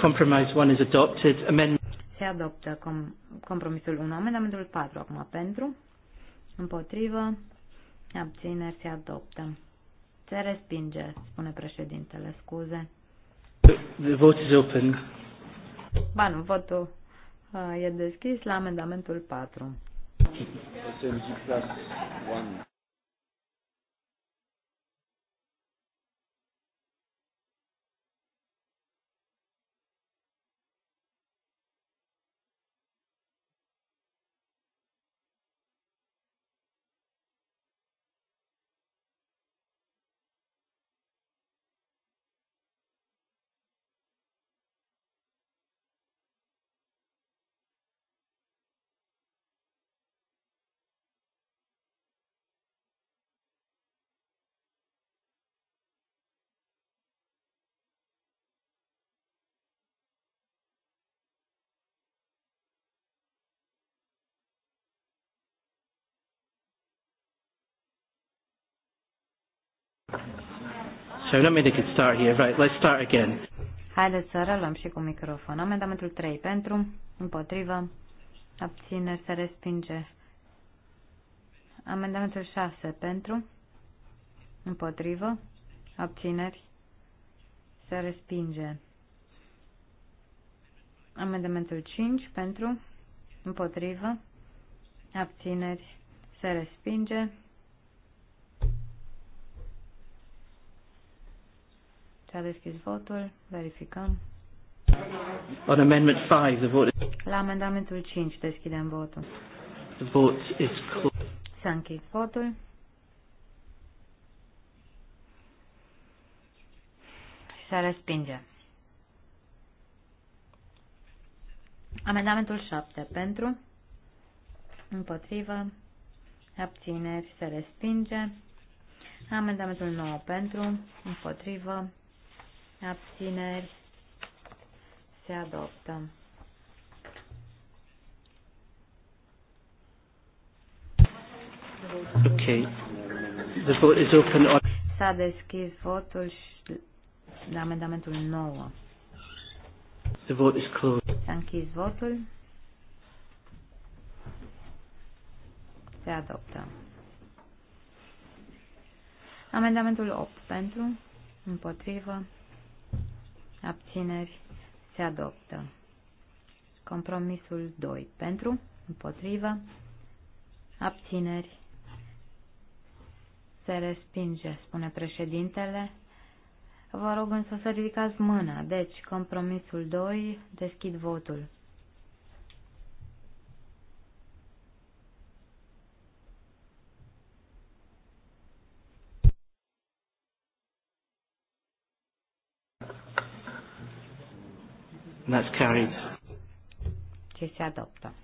Compromise 1 is adopted. Amendment se adoptă com compromisul 1, amendamentul 4 acum pentru, împotrivă, abțineri se adoptă. Se respinge, spune președintele, scuze. The vote is open. Ba nu, votul uh, e deschis la amendamentul 4. So let me get start here. Right, let's start again. Haideți să reluăm și cu microfon. Amendamentul 3 pentru, împotrivă, abține, se respinge. Amendamentul 6 pentru, împotrivă, abțineri, se respinge. Amendamentul 5 pentru, împotrivă, abțineri, se respinge. S-a deschis votul. Verificăm. On amendment 5, the vote is... La amendamentul 5 deschidem votul. The vote is closed. S-a închis votul. Se respinge. Amendamentul 7 pentru, împotrivă, abțineri, se respinge. Amendamentul 9 pentru, împotrivă, abțineri, se adoptă. Okay. The vote is open on... S-a deschis votul și la amendamentul 9. The vote is closed. S-a închis votul. Se adoptă. Amendamentul 8 pentru, împotrivă, abțineri, se adoptă. Compromisul 2 pentru, împotrivă, abțineri, se respinge, spune președintele. Vă rog însă să ridicați mâna, deci compromisul 2, deschid votul. And that's carried. Ce se adoptă.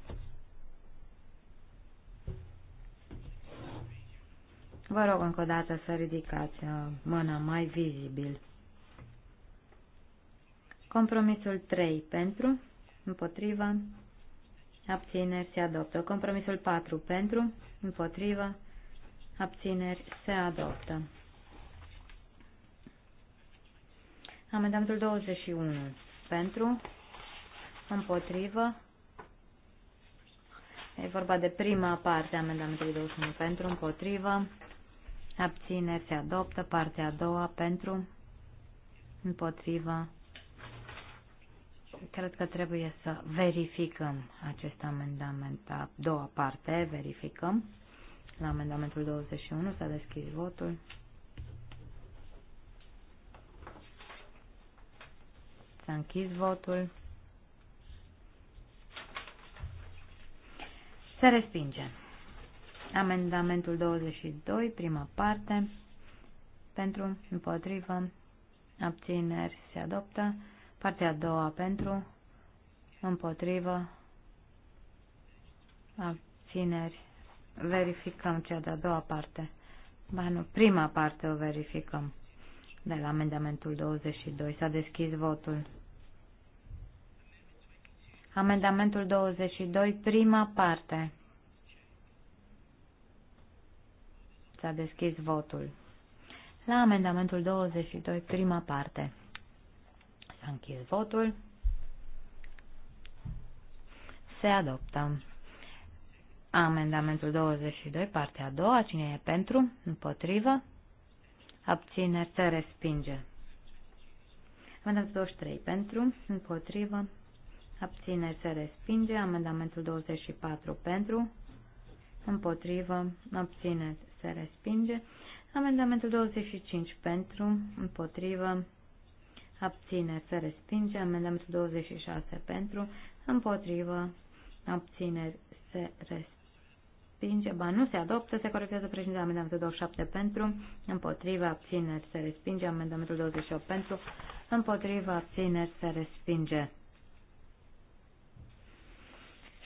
Vă rog încă o dată să ridicați uh, mâna mai vizibil. Compromisul 3 pentru, împotrivă, abțineri se adoptă. Compromisul 4 pentru, împotrivă, abțineri se adoptă. Amendamentul 21 pentru, împotrivă. E vorba de prima parte a amendamentului 21 pentru, împotrivă. Abține, se adoptă. Partea a doua pentru, împotrivă. Cred că trebuie să verificăm acest amendament. A doua parte, verificăm. La amendamentul 21 s-a deschis votul. Să a închis votul. Se respinge. Amendamentul 22, prima parte, pentru, împotrivă, abțineri se adoptă. Partea a doua pentru, împotrivă, abțineri. Verificăm cea de-a doua parte. Ba nu, prima parte o verificăm de la amendamentul 22. S-a deschis votul. Amendamentul 22, prima parte. S-a deschis votul. La amendamentul 22, prima parte. S-a închis votul. Se adoptă. Amendamentul 22, partea a doua. Cine e pentru? Împotrivă? abțineri se respinge. Amendamentul 23 pentru, împotrivă, abțineri se respinge. Amendamentul 24 pentru, împotrivă, abțineri se respinge. Amendamentul 25 pentru, împotrivă, abțineri se respinge. Amendamentul 26 pentru, împotrivă, abțineri se respinge respinge, ba nu se adoptă, se corectează președintele amendamentul 27 pentru, împotriva abțineri se respinge, amendamentul 28 pentru, împotriva abțineri se respinge.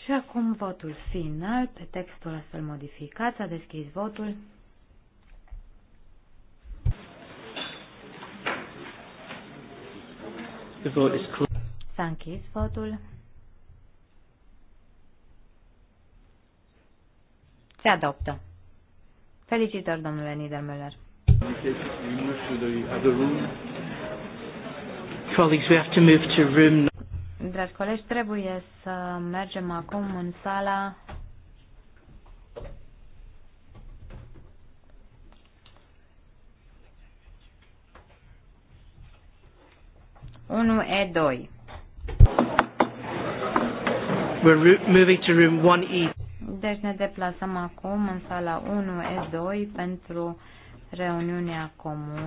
Și acum votul final pe textul astfel modificat. S-a deschis votul. S-a închis votul. Se adoptă. Felicitări, domnule Niedermüller. Colleagues, we have to move to room. Dragi colegi, trebuie să mergem acum în sala Unu e doi. We're moving to room 1E. Deci ne deplasăm acum în sala 1E2 pentru reuniunea comună.